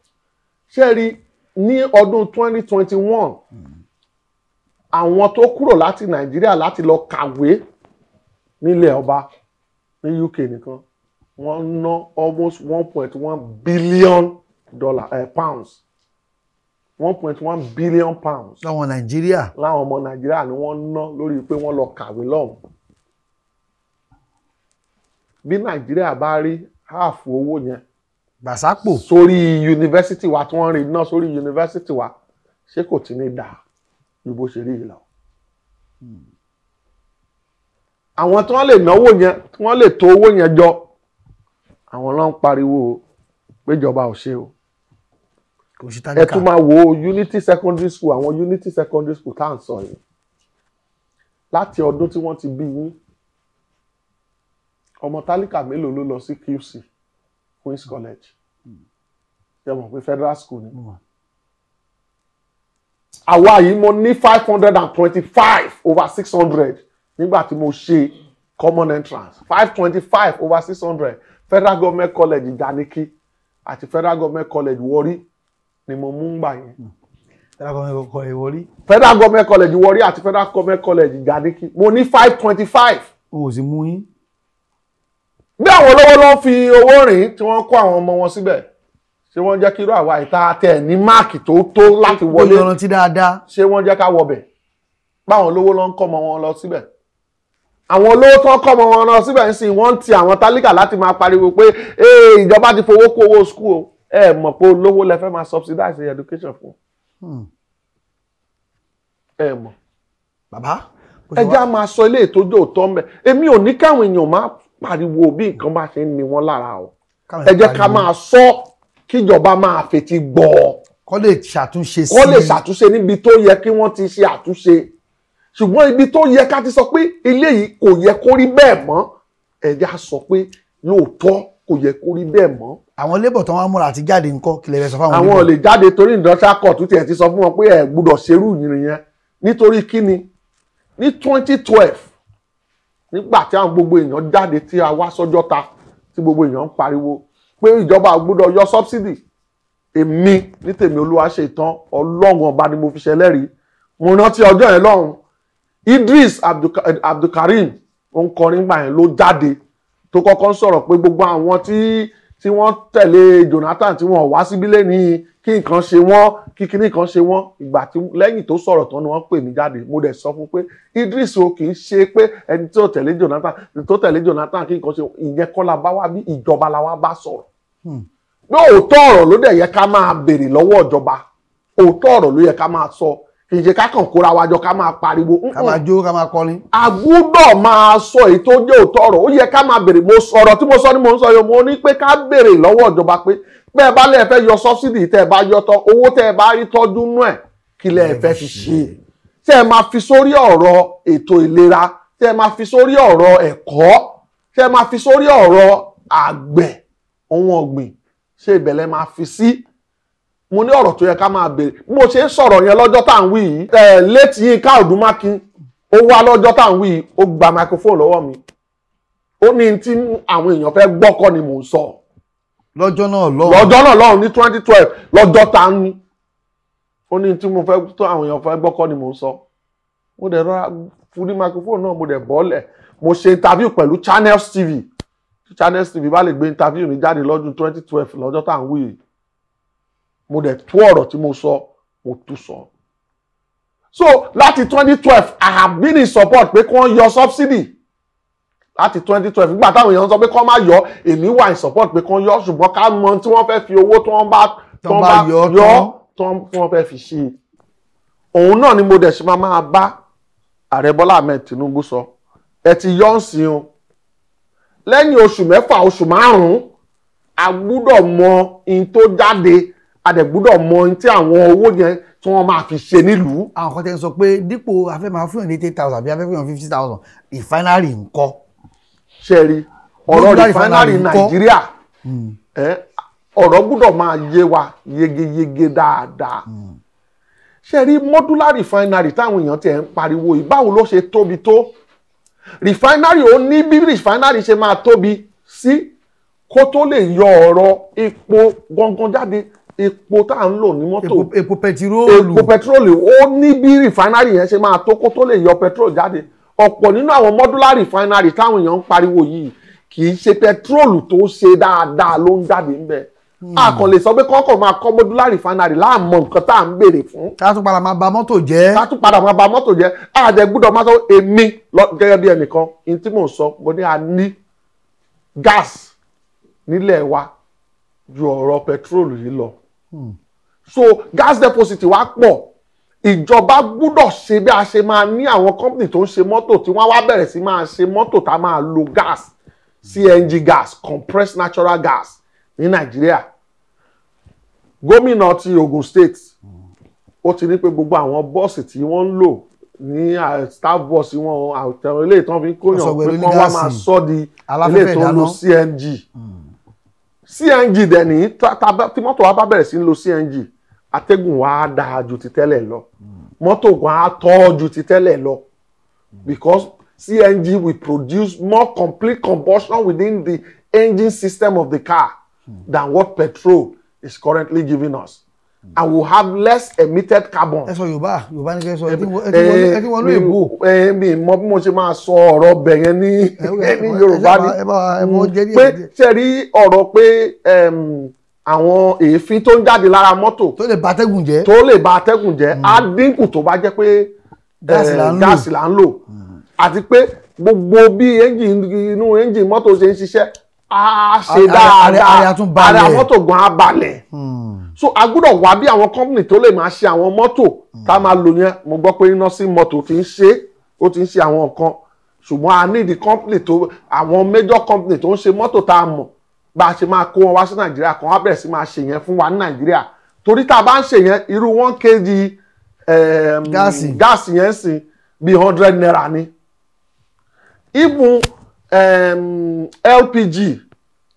ṣé rí ní ọdún twenty twenty one àwọn tó kúrò láti nàìjíríà láti lọ kàwé nílẹ̀ ọba ní UK nìkan wọ́n ná almost one point one billion dollar eh, pounds one point one billion pounds. láwọn nàìjíríà. láwọn ọmọ nàìjíríà ni wọ́n ná lórí pé wọ́n lọ kàwé lọ́hùn bí nàìjíríà bá rí half owó yẹn. gbàsápò sórí yunifásitì wa tí wọ́n rí náà sórí yunifásitì wa ṣé kò ti ní dà ju bó ṣe rí yìí lọ. àwọn tí wọ́n lè náwó yẹn tí wọ́n lè tó owó yẹn jọ àwọn náà ń pariwo péjọba ò ṣe o ẹ tún máa wo unity secondary school àwọn unity secondary school tá à ń sọ yìí láti ọdún tí wọ́n ti bí yín ọmọ tálíkà mélòó ló lọ sí QC Queen's College ṣe mọ̀ pé federal school ni àwa yìí mo ní five hundred and twenty-five over six hundred nígbà tí mo ṣe common entrance five twenty-five over six hundred federal government college ìdáníkí àti federal government college Warri ni mo mú ngbà yẹn. Hmm. federal government college Warri. federal government college Warri àti federal government college ìdáníkí mo ní five twenty-five. o ò sì mú yín bí àwọn olówó ló ń fi owó rìn tí wọ́n kó àwọn ọmọ wọn síbẹ̀ ṣé wọ́n jẹ́ kí irú àwa ìta tẹ̀ ní máàkì tó tó láti wọlé ṣé wọ́n jẹ́ ká wọbẹ̀ báwọn olówó ló ń kọ́ ọmọ wọn lọ síbẹ̀ àwọn olówó tó ń kọ́ ọmọ wọn lọ síbẹ̀ ń sìn wọ́n ń ti àwọn tálíkà láti máa pariwo pé ìjọba ti fowó kó owó skul o ẹ mọ̀ pé olówó lẹ fẹ́ máa subsidize education fún hmm. ẹ mọ̀ bàbá ẹ já máa sọ ilé ìtọ́jú òótọ́ mbẹ èmi ò ní káwọn èèyàn máa pariwo bí nǹkan bá ṣe ń ni wọ́n lára o ẹ jẹ́ ká máa sọ kíjọba máa fetí gbọ́ ọ. kọ́ lè ṣàtúnṣe sí i kọ́ lè ṣàtúnṣe níbi tó yẹ kí wọ́n ti ṣe àtúnṣe ṣùgbọ́n ibi tó yẹ ká ti sọ pé ilé yìí kò yẹ kó rí bẹ́ẹ̀ mọ́ ẹ jẹ́ á sọ pé lóòótọ́ kò yẹ kó rí bẹ́ẹ̀ mọ́. àwọn labour tán wá múra àti jáde ńkọ́ kí lè sọ fáwọn. àwọn lè jáde torí industrial court tiẹ̀ ti sọ fún wọn pé ẹ gbúdọ̀ ṣerú ìrìn yẹn nítorí kíni ní twenty twelve nígbà tí àwọn gbogbo èèyàn jáde tí a wá sọ́jọ́ ta tí gbogbo èèyàn ń pariwo pé ìjọba gbọ́dọ̀ yọ subsidy èmi ní tèmi olúwa ṣe ìtàn ọlọ́run ọba ni mo fi ṣẹlẹ́rìí mo rántí ọjọ́ yẹn lọ́hùn Idris Abdulkareem òǹkọrin gbà yẹn ló jáde tó kọ́kọ́ ń sọ̀rọ̀ pé gbogbo àwọn tí tí wọ́n tẹ̀lé Jonathan tí wọ́n wá síbí lẹ́ni kí nǹkan ṣe wọ́n kí kinní kan ṣe wọ́n ìgbà tí lẹ́yìn tó sọ̀rọ̀ tán ni wọ́n pè mí jáde mo dẹ̀ sọ fún pé Idris o kì í ṣe pé ẹni tó tẹ̀lé Jonathan tó tẹ̀lé Jonathan kí nǹkan ṣe ìyẹn kọ́ la bá wá bí ìjọba la wá bá sọ̀rọ̀ hmm. lóòótọ́ ọ̀rọ̀ ló dẹ̀ yẹ ká máa béèrè lọ́wọ́ ìjọba òótọ́ ọ̀rọ̀ ló yẹ ká máa sọ kì í ṣe ká kàn kóra wájọ ká máa pariwo. ká máa jó ká máa kọrin. a gbúdọ̀ máa sọ èyí tó jẹ́ òótọ́ ọ̀rọ̀ ó yẹ ká máa béèrè mo sọ̀rọ̀ tí mo sọ ni mo ń sọ yìí mo ní pé ká béèrè lọ́wọ́ ìjọba pé bẹ́ẹ̀ bá lẹ́ẹ̀ fẹ́ yọ sọ́bsidì tẹ́ ẹ bá yọ tán owó tẹ́ ẹ bá rí tọ́jú nú ẹ̀ kí lẹ́ẹ̀ fẹ́ fi ṣe tẹ́ ẹ máa fi sórí ọ̀rọ̀ ètò ìlera tẹ́ ẹ máa fi sórí ọ̀rọ̀ ẹ̀kọ́ tẹ́ ẹ máa fi sórí ọ̀rọ̀ àgbẹ̀ ohun ọ̀gbìn ṣé ibẹ̀ máa fi sí mo ní ọ̀rọ̀ tó yẹ ká máa béèrè bí mo ṣe ń sọ̀rọ̀ yẹn lọ́jọ́ tá à ń wí yìí ẹ̀ létí Yínká Ọ̀dùmákin ó wá lọ́jọ́ tá à ń wí yìí ó gba microphone lọ́wọ́ mi ó ní tí àwọn èèyàn fẹ́ gbọ́kọ́ ni mò ń sọ. lọ́jọ́ náà lọ́hùn lọ́jọ́ náà lọ́hùn ní twenty twelve lọ́jọ́ tá à ń ní ó ní tí àwọn èèyàn fẹ́ gbọ́kọ́ ni mò ń sọ mo dẹ̀ rọra fún ní microphone náà mo dẹ̀ bọ́lẹ̀ mo ṣe interview pẹ̀lú Channels TV Channels TV bá lè gbé interview mi jáde lọ́dún twenty twelve lọ́jọ́ tá à ń wí yìí mo dẹ̀ tú ọ̀rọ̀ tí mo sọ mo tú sọ. so láti twenty twelve I have been in support pé kí wọ́n yọ subsidy láti twenty twelve nígbà táwọn èèyàn sọ pé kí wọ́n má yọ èmi wà in support pé kí wọ́n yọ ṣùgbọ́n ká mọ tí wọ́n fẹ́ fi owó tí wọ́n bá tí wọ́n bá yọ tí wọ́n fẹ́ fi ṣe òun náà ni mo dẹ̀ ṣe máa máa bá ààrẹ Bọ́lá Ahmed Tinubu sọ ẹ ti yọ ń sin o lẹ́yìn oṣù mẹ́fà oṣù márùn-ún a gbúdọ̀ mọ in tó jáde adẹ̀gbúdọ̀ mọ ohun tí àwọn owó yẹn tí wọ́n máa fi ṣe nílùú. àwọn kan tẹ́ ń sọ pé dípò afẹ́ máa fún yàn ní ten thousand àbí afẹ́ fún yàn fifty thousand ìfáínárì ń kọ́. ṣe rí ọ̀rọ̀ ìfáínárì nàìjíríà hmm. ọ̀rọ̀ gbúdọ̀ máa yé wa yegeyege dáadáa. Hmm. ṣe rí modular refinery táwọn èèyàn tiẹ̀ ń pariwo ìbáwo ló ṣe tóbi tó refinery ó ní bí refinery ṣe máa tóbi sí kó tó lè yọ ọ̀rọ̀ epo gangan jáde epo tá à ń lò ní mọ́tò epo pẹtiróòlù epo pẹtiróòlù ó ní bí rìfánárì yẹn ṣe máa tó kó tó lè yọ pẹtiróòlù jáde ọ̀pọ̀ nínú àwọn modular rìfánárì táwọn èèyàn ń pariwo yìí kì í ṣe pẹtiróòlù tó ṣe dáadáa ló ń jáde ńbẹ̀ hmm. a kàn lè sọ pé kọ́kọ́ máa kọ́ modular refinery láàmọ̀ nǹkan tá à ń béèrè fún. ká tún padà máa ba mọ́tò jẹ́. ká tún padà máa ba mọ́tò jẹ́ àjẹ gbúdọ̀ máa sọ èmi gẹ́gẹ́ bí ẹnìkan ní tí a ní gas nílẹ̀ wa ju ọ̀rọ̀ pẹtrólù Hmm. so gas deposit wa pọ̀ ìjọba gbúdọ̀ ṣe bí a ṣe máa ní àwọn company tó ń ṣe mọ́tò tí wọ́n wá bẹ̀rẹ̀ sí máa ṣe mọ́tò tá a máa lo gas cng gas compressed natural gas ní nàìjíríà gómìnà ti Ogun State ó ti ní pé gbogbo àwọn bọ́ọ̀sì tí wọ́n ń lò ní staff bus wọn àtẹ̀wọ̀n ilé ìtàn fi ń kóyàn pé wọ́n wá máa sọ́ di ilé ìtàn lo cng. Mm. CNG dẹ̀ ní tí mọ́tò wa bá bẹ̀rẹ̀ sí lo CNG atẹ́gùn wa á dáa ju ti tẹ́lẹ̀ lọ mọ́tò wa tọ́ ju ti tẹ́lẹ̀ lọ because CNG will produce more complete combustion within the engine system of the car than what petrol is currently giving us. I will have less emitted carbon. ẹ sọ yorùbá yorùbá ní kẹ sọ ẹ ti wọnú èbó. ẹ mi mọ bí mo ṣe máa sọ ọ̀rọ̀ bẹ̀ yẹn ní ní yorùbá ni pé ṣe rí ọ̀rọ̀ pé àwọn èéfín tó ń jáde lára mọ́tò. tó lè ba atẹ́gùn jẹ́. tó lè ba atẹ́gùn jẹ́ á dínkù tó bá jẹ́ pé gáàsì là ń lò àti pé gbogbo bí inú ẹ́ńjìn mọ́tò ṣe ń ṣiṣẹ́ á ṣe dáadáa ara mọ́tò gan á balẹ̀. Hmm so a gbọ́dọ̀ wá bí àwọn company tó lè máa ṣe àwọn mọ́tò hmm. tá a máa lò yẹn mo gbọ́ pé nọ́ọ̀sì mọ́tò fi ń ṣe ó ti ń ṣe àwọn nǹkan ṣùgbọ́n a need company tó àwọn major company tó ń ṣe mọ́tò tá a mọ̀ bá a ṣe máa kó wọn wá sí nàìjíríà kan wá bẹ̀rẹ̀ sí máa ṣe yẹn fún wa ní nàìjíríà torí tá a bá ń ṣe yẹn irú one kg ehm, gáàsì yẹn sìn bíi hundred naira ni even um, ehm, LPG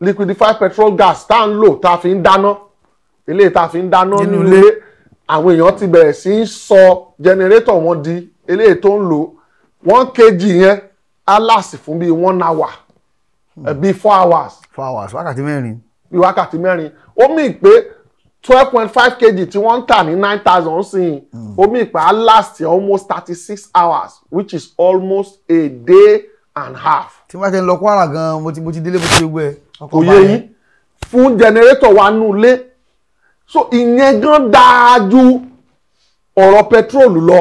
liquidified petrol gas tá a ń lò tá a fi ń dáná eléyìí tá a fi ń dáná nínú àwọn èèyàn ti bẹ̀rẹ̀ sí í sọ jẹnẹrétọ̀ wọn di eléyìí tó ń lò one kg yẹn á last fún bíi one hour hmm. eh, bíi four hours. four hours wákàtí mẹ́rin. bíi wákàtí mẹ́rin ó mì pé twelve point five kg tí wọ́n ń tà ní nine thousand sìn hmm. ó mì pé á almost thirty six hours which is almost a day and half. tí wọ́n ti ń lọ Kwara gan-an mo ti mo ti délé mo ti gbé ọkọ̀ báyìí. òye fún jẹnẹrétọ̀ wa nù so ìyẹn gan dáa ju ọ̀rọ̀ pẹtrólù lọ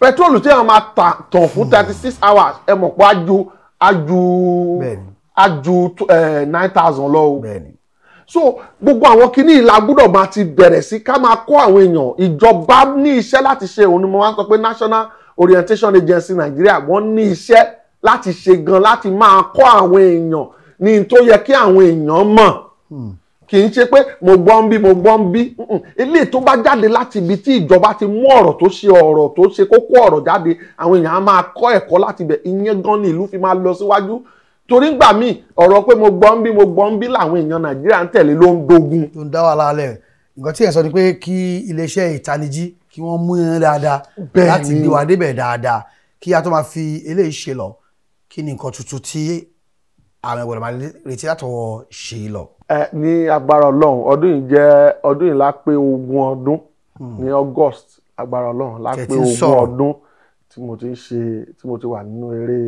pẹtrólù tí wọ́n máa tàn fún hmm. thirty six hours ẹ mọ̀ pé aju aju aju eh, nine thousand lọ o so gbogbo àwọn kinní ìlà gbọ́dọ̀ máa ti bẹ̀rẹ̀ sí ká máa kọ́ àwọn èèyàn ìjọba ní iṣẹ́ láti ṣe òun ni mo máa ń sọ pé national orientation agency Nigeria wọ́n ní iṣẹ́ láti ṣe gan láti máa kọ́ àwọn èèyàn ní tó yẹ kí àwọn èèyàn mọ̀. Hmm kì í ṣe pé mo gbọ́ ń bí mo gbọ́ ń bí ilé tó bá jáde láti ibi tí ìjọba ti mú ọ̀rọ̀ tó ṣe ọ̀rọ̀ tó ṣe kókó ọ̀rọ̀ jáde àwọn èèyàn á máa kọ́ ẹ̀kọ́ láti ibẹ̀ ìyẹn gan ni ìlú fi máa lọ síwájú torí ngbà míì ọ̀rọ̀ pé mo gbọ́ ń bí mo gbọ́ ń bí làwọn èèyàn nàìjíríà ń tẹ̀lé ló ń dogun. tó ń dá wàhálà alẹ́ nǹkan tí ẹ̀ sọ ni pé kí iléeṣẹ́ ìtanijí kí wọ́n mú yẹn dáadáa láti gbé wa débẹ̀ dáadáa kí a tó máa fi eléyìí ṣe lọ kí ni nǹkan tuntun tí àwọn ìwọ̀n máa retí látọwọ́ ṣe lọ ní agbára ọlọ́run ọdún yìí jẹ́ ọdún yìí lápé ogún ọdún hmm. ní august agbára ọlọ́run lápé ogún ọdún tí mo ti ń ṣe tí mo ti wà nínú eré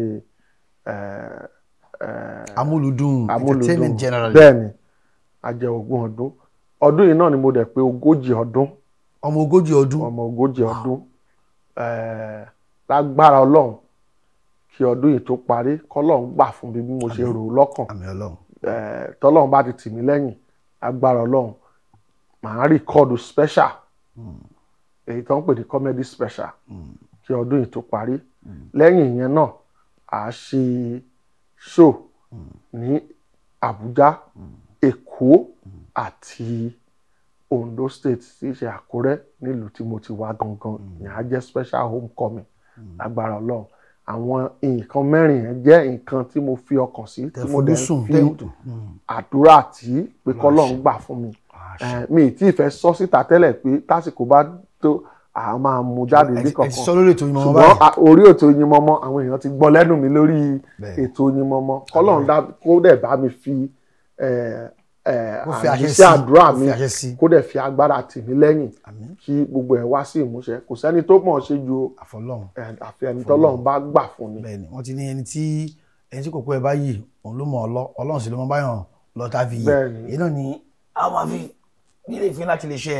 amúlùdùn entertainment generally bẹ́ẹ̀ni a jẹ ogún ọdún ọdún yìí náà ni mo dẹ̀ pé ogójì ọdún ọmọ ogójì ọdún ọmọ ogójì ọdún lágbára ọlọ́run kí ọdún yìí tó parí kọ́lọ́run gbà fún mi bí mo ṣe rò ó lọ́kàn tọ́lọ́run bá ti tì mí lẹ́yìn agbára ọlọ́run màá rìkọ́dù special èyí tó ń pè ní comedy special kí ọdún yìí tó parí lẹ́yìn ìyẹn náà a ṣe show ní Abuja, Èkó àti Ondo state tí ṣe Àkúrẹ́ nílùú tí mo ti wá gangan ìyẹn á jẹ́ special homecoming agbára ọlọ́run àwọn nǹkan mẹ́rin yẹn jẹ́ nǹkan tí mo fi ọkàn sí tí mo dẹ̀ fi hmm. àdúrà tí pé kọ́lọ́run gbà fún mi mi tí ì fẹ́ sọ síta tẹ́lẹ̀ pé tásìkò bá tó a máa mú jáde ní kankan ṣùgbọ́n orí ètò Oyinmomo àwọn èèyàn ti gbọ́ lẹ́nu mi lórí ètò Oyinmomo kọ́lọ́run kó dẹ̀ bá mi fi àyíṣẹ́ àdúrà mi kó dẹ̀ fi agbára tì mí lẹ́yìn kí gbogbo ẹ̀ wá sí ìmúṣẹ kò sẹ́ni tó mọ̀ ṣe ju àfi ẹni tọ́lọ́run bá gbà fún ni. bẹ́ẹ̀ni wọn ti ní ẹni tí ẹni tí kò kó ẹ bá yìí òun ló mọ ọlọ Ọlọ́run sì ló mọ báyọ lọta fi yìí náà ni a máa fi nílé ìfín láti lè ṣe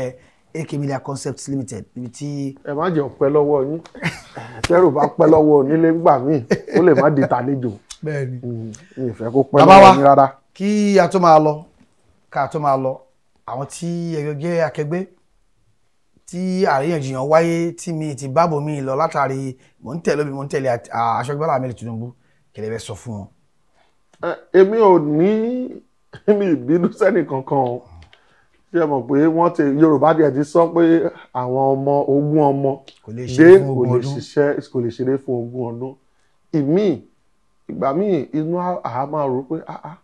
AK Media Concepts Limited níbi tí. ẹ má jẹ́ ọpẹ́ lọ́wọ́ yín tẹrù bá pẹ́ lọ́wọ́ onílé gbà míì ó lè má di tàlejò. bẹ́ẹ̀ni ìfẹ́ mm, kó pẹ́ lọ́wọ́ yín rárá. kí a tó máa ká tó máa lọ àwọn tí ẹgbẹ́ jẹ́ akẹgbẹ́ tí àríyànjiyàn wáyé tí mi ti bábò mi lọ látàrí mò ń tẹ̀lé omi mò ń tẹ̀lé aṣọ́gbọ́lá mi Tinubu kẹlẹ́ bẹ́ sọ fún wọn. èmi ò ní mi ìbínú sẹ́nì kankan o ṣé ẹ mọ̀ pé wọ́n ti Yorùbá díẹ̀ ti sọ pé àwọn ọmọ ogún ọmọ dé kò lè ṣiṣẹ́ kò lè ṣeré fún ogún ọdún ìmíì ìgbà míì inú àá máa rò pé ah ah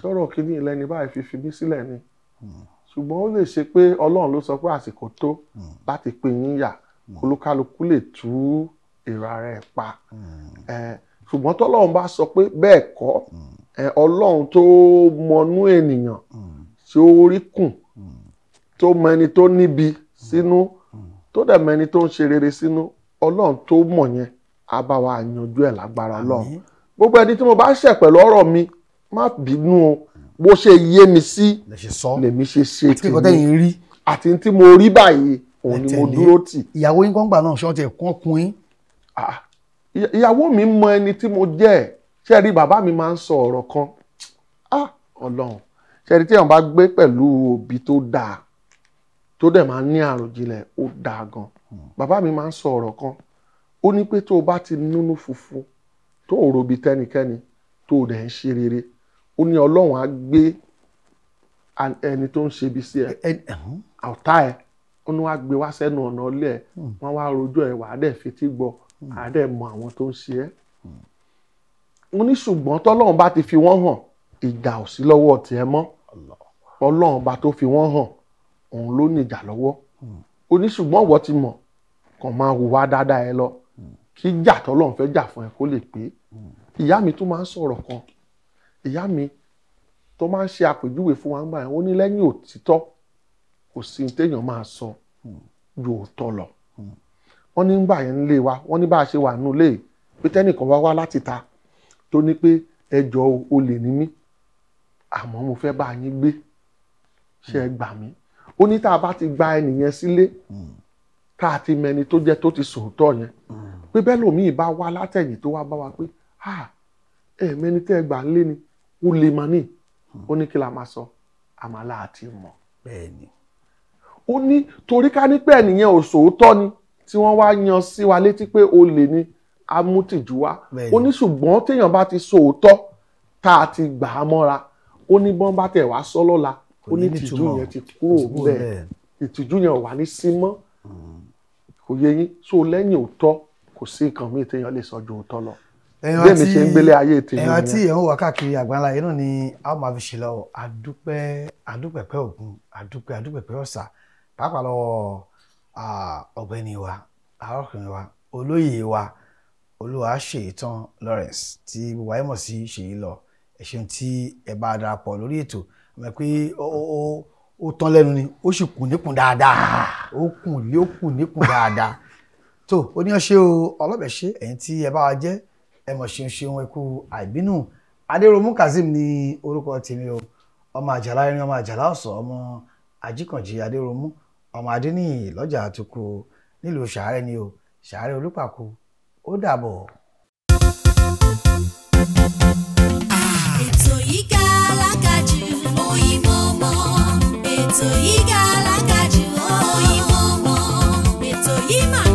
sọ̀rọ̀ kínní ìlẹ́ni báyìí fi fi mí sílẹ̀ ni ṣùgbọ́n ó lè ṣe pé ọlọ́run ló sọ pé àsìkò tó láti pín yín yà olúkálukú lè tú èrò ara ẹ̀ pa ṣùgbọ́n tọ́lọ́run bá sọ pé bẹ́ẹ̀ kọ́ ọlọ́run tó mọnú ènìyàn tí ó rí kùn tó mọ ẹni tó níbi sínú tó dẹ̀ mọ ẹni tó ń ṣe rere sínú ọlọ́run tó mọ̀ yẹn á bá wa yanjú ẹ̀ lágbára ọlọ́run gbogbo ẹni tí mo bá ṣẹ̀ pẹ̀lú ọ̀rọ̀ mi má bínú o bó ṣe yé mi sí lèmi ṣe ṣe tèmi àti tí mo rí báyìí òun ni mo dúró tì. ìyàwó yín kọ́ńgbà náà ṣọ́ọ̀tì ẹ̀kọ́ kun yín. ìyàwó mi mọ ẹni tí mo jẹ́ ṣe rí bàbá mi máa ń sọ ọ̀rọ̀ kan ọlọ́run ṣe rí téèyàn bá gbé pẹ̀lú òbí tó dáa tó dẹ̀ máa ní àròjinlẹ̀ ó dáa gan hmm. bàbá mi máa ń sọ ọ̀rọ̀ kan ó ní pé tó o bá ti nínú funfun tó o ròbi tẹ́nikẹ́ni tó o dẹ̀ ń ṣe rere ó ní ọlọ́run á gbé ẹni tó ń ṣe ibi sí ẹ ọ̀tá ẹ ó ní wá gbé wá sẹ́nu ọ̀nà ọlẹ́ ẹ hmm. wọ́n wá rojọ́ ẹ wàá dẹ̀ fetí gbọ́ àá hmm. dẹ̀ mọ àwọn tó ń ṣe ẹ́ ó hmm. ní ṣùgbọ́n tọ́lọ́run bá ti fi wọ́n hàn ìjà ò sí lọ́wọ́ tiẹ̀ mọ́ ọlọ́run bá tó fi wọ́n hàn òun ló ní ìjà lọ́wọ́ ó ní ṣùgbọ́n ìwọ ti mọ̀ kàn máa hùwà dáadáa ẹ lọ kí ìjà tọ́lọ́run fẹ́ jà fún ẹ kó lè pé ìyá mi tún máa ń sọ̀rọ̀ kan ìyá mi tó máa ń ṣe àpèjúwe fún wa nígbà yẹn ó ní lẹ́yìn òtítọ́ kò sí ní téèyàn máa sọ ju òótọ́ lọ hmm. wọ́n ní nígbà yẹn nílé wa wọ́n ní bá a ṣe wà nínú ilé pé tẹ́nìkan wá wá láti ta tó ní pé ẹjọ́ olè ní mí àmọ́ mo fẹ́ bá yín gbé ṣe gbà mí ó ní tá a bá ti gba ẹnìyẹn sílé hmm. tá a ti mẹni tó jẹ́ tó ti sòótọ́ yẹn hmm. pé bẹ́ẹ̀ lòmíì bá wá látẹ̀yìn tó wá bá wa pé ẹ̀ẹ́mẹni tẹ́ ẹ gbà ń lé ni. Mm ó lè máa ní ó ní kí la máa sọ àmàlà àti mọ̀. bẹ́ẹ̀ni. ó ní torí ká ní pé ẹnìyẹn ò sòótọ́ ni tí wọ́n wá yan sí wa létí pé olè ni amútìjú wa ó ní ṣùgbọ́n téèyàn bá ti sòótọ́ tá a ti gbà á mọ́ra ó ní bọ́n bá tẹ̀ wá sọ́ lọ́la ó ní ìtìjú yẹn ti kúrò bẹ́ẹ̀ ìtìjú yẹn ò wá ní sí mọ́ hmm. kò yẹ yín so lẹ́yìn òótọ́ kò sí nǹkan míì téèyàn lè sọ ju òótọ́ lọ bẹ́ẹ̀ mi ṣe ń gbélé ayé tèmi ẹ̀yàn tí ẹ̀ ń wà káàkiri àgbáńlá yìí náà ni a máa fi ṣe lọ àdúpẹ́ àdúpẹ́pẹ́ ògùn àdúpẹ́ àdúpẹ́pẹ́ ọ̀sà pàápàá lọ́wọ́ ọ̀gbẹ́ni wa arákùnrin wa olóyè wa olúwa ṣèyítán Lawrence tí gbogbo ayé mọ̀ sí ṣèyí lọ ẹ ṣeun tí ẹ bá darapọ̀ lórí ètò mọ̀ pé ó tán lẹ́nu ni ó sì kù níkùn dáadáa ó kùn lé ó kù dáadáa tó oníyanṣe o ọlọ́bẹ̀ ṣe ẹ̀yìn tí ẹ bá wa jẹ́ ẹ mọ̀ ṣeun ṣeun ẹ kú àìbínú adéròmú kazeem ní orúkọ tèmi o ọmọ àjàlá ẹni ọmọ àjàlá ọ̀sán ọmọ ajíkànjì adéròmú ọmọ adéníyì lọ́jà àtúkù nílùú ṣàárẹ̀ ni o ṣàárẹ̀ olúpàkù ó dàbọ̀. ètò yìí alákàjù oyin mọ́mọ́ ètò yìí alákàjù oyin mọ́mọ́ ètò yìí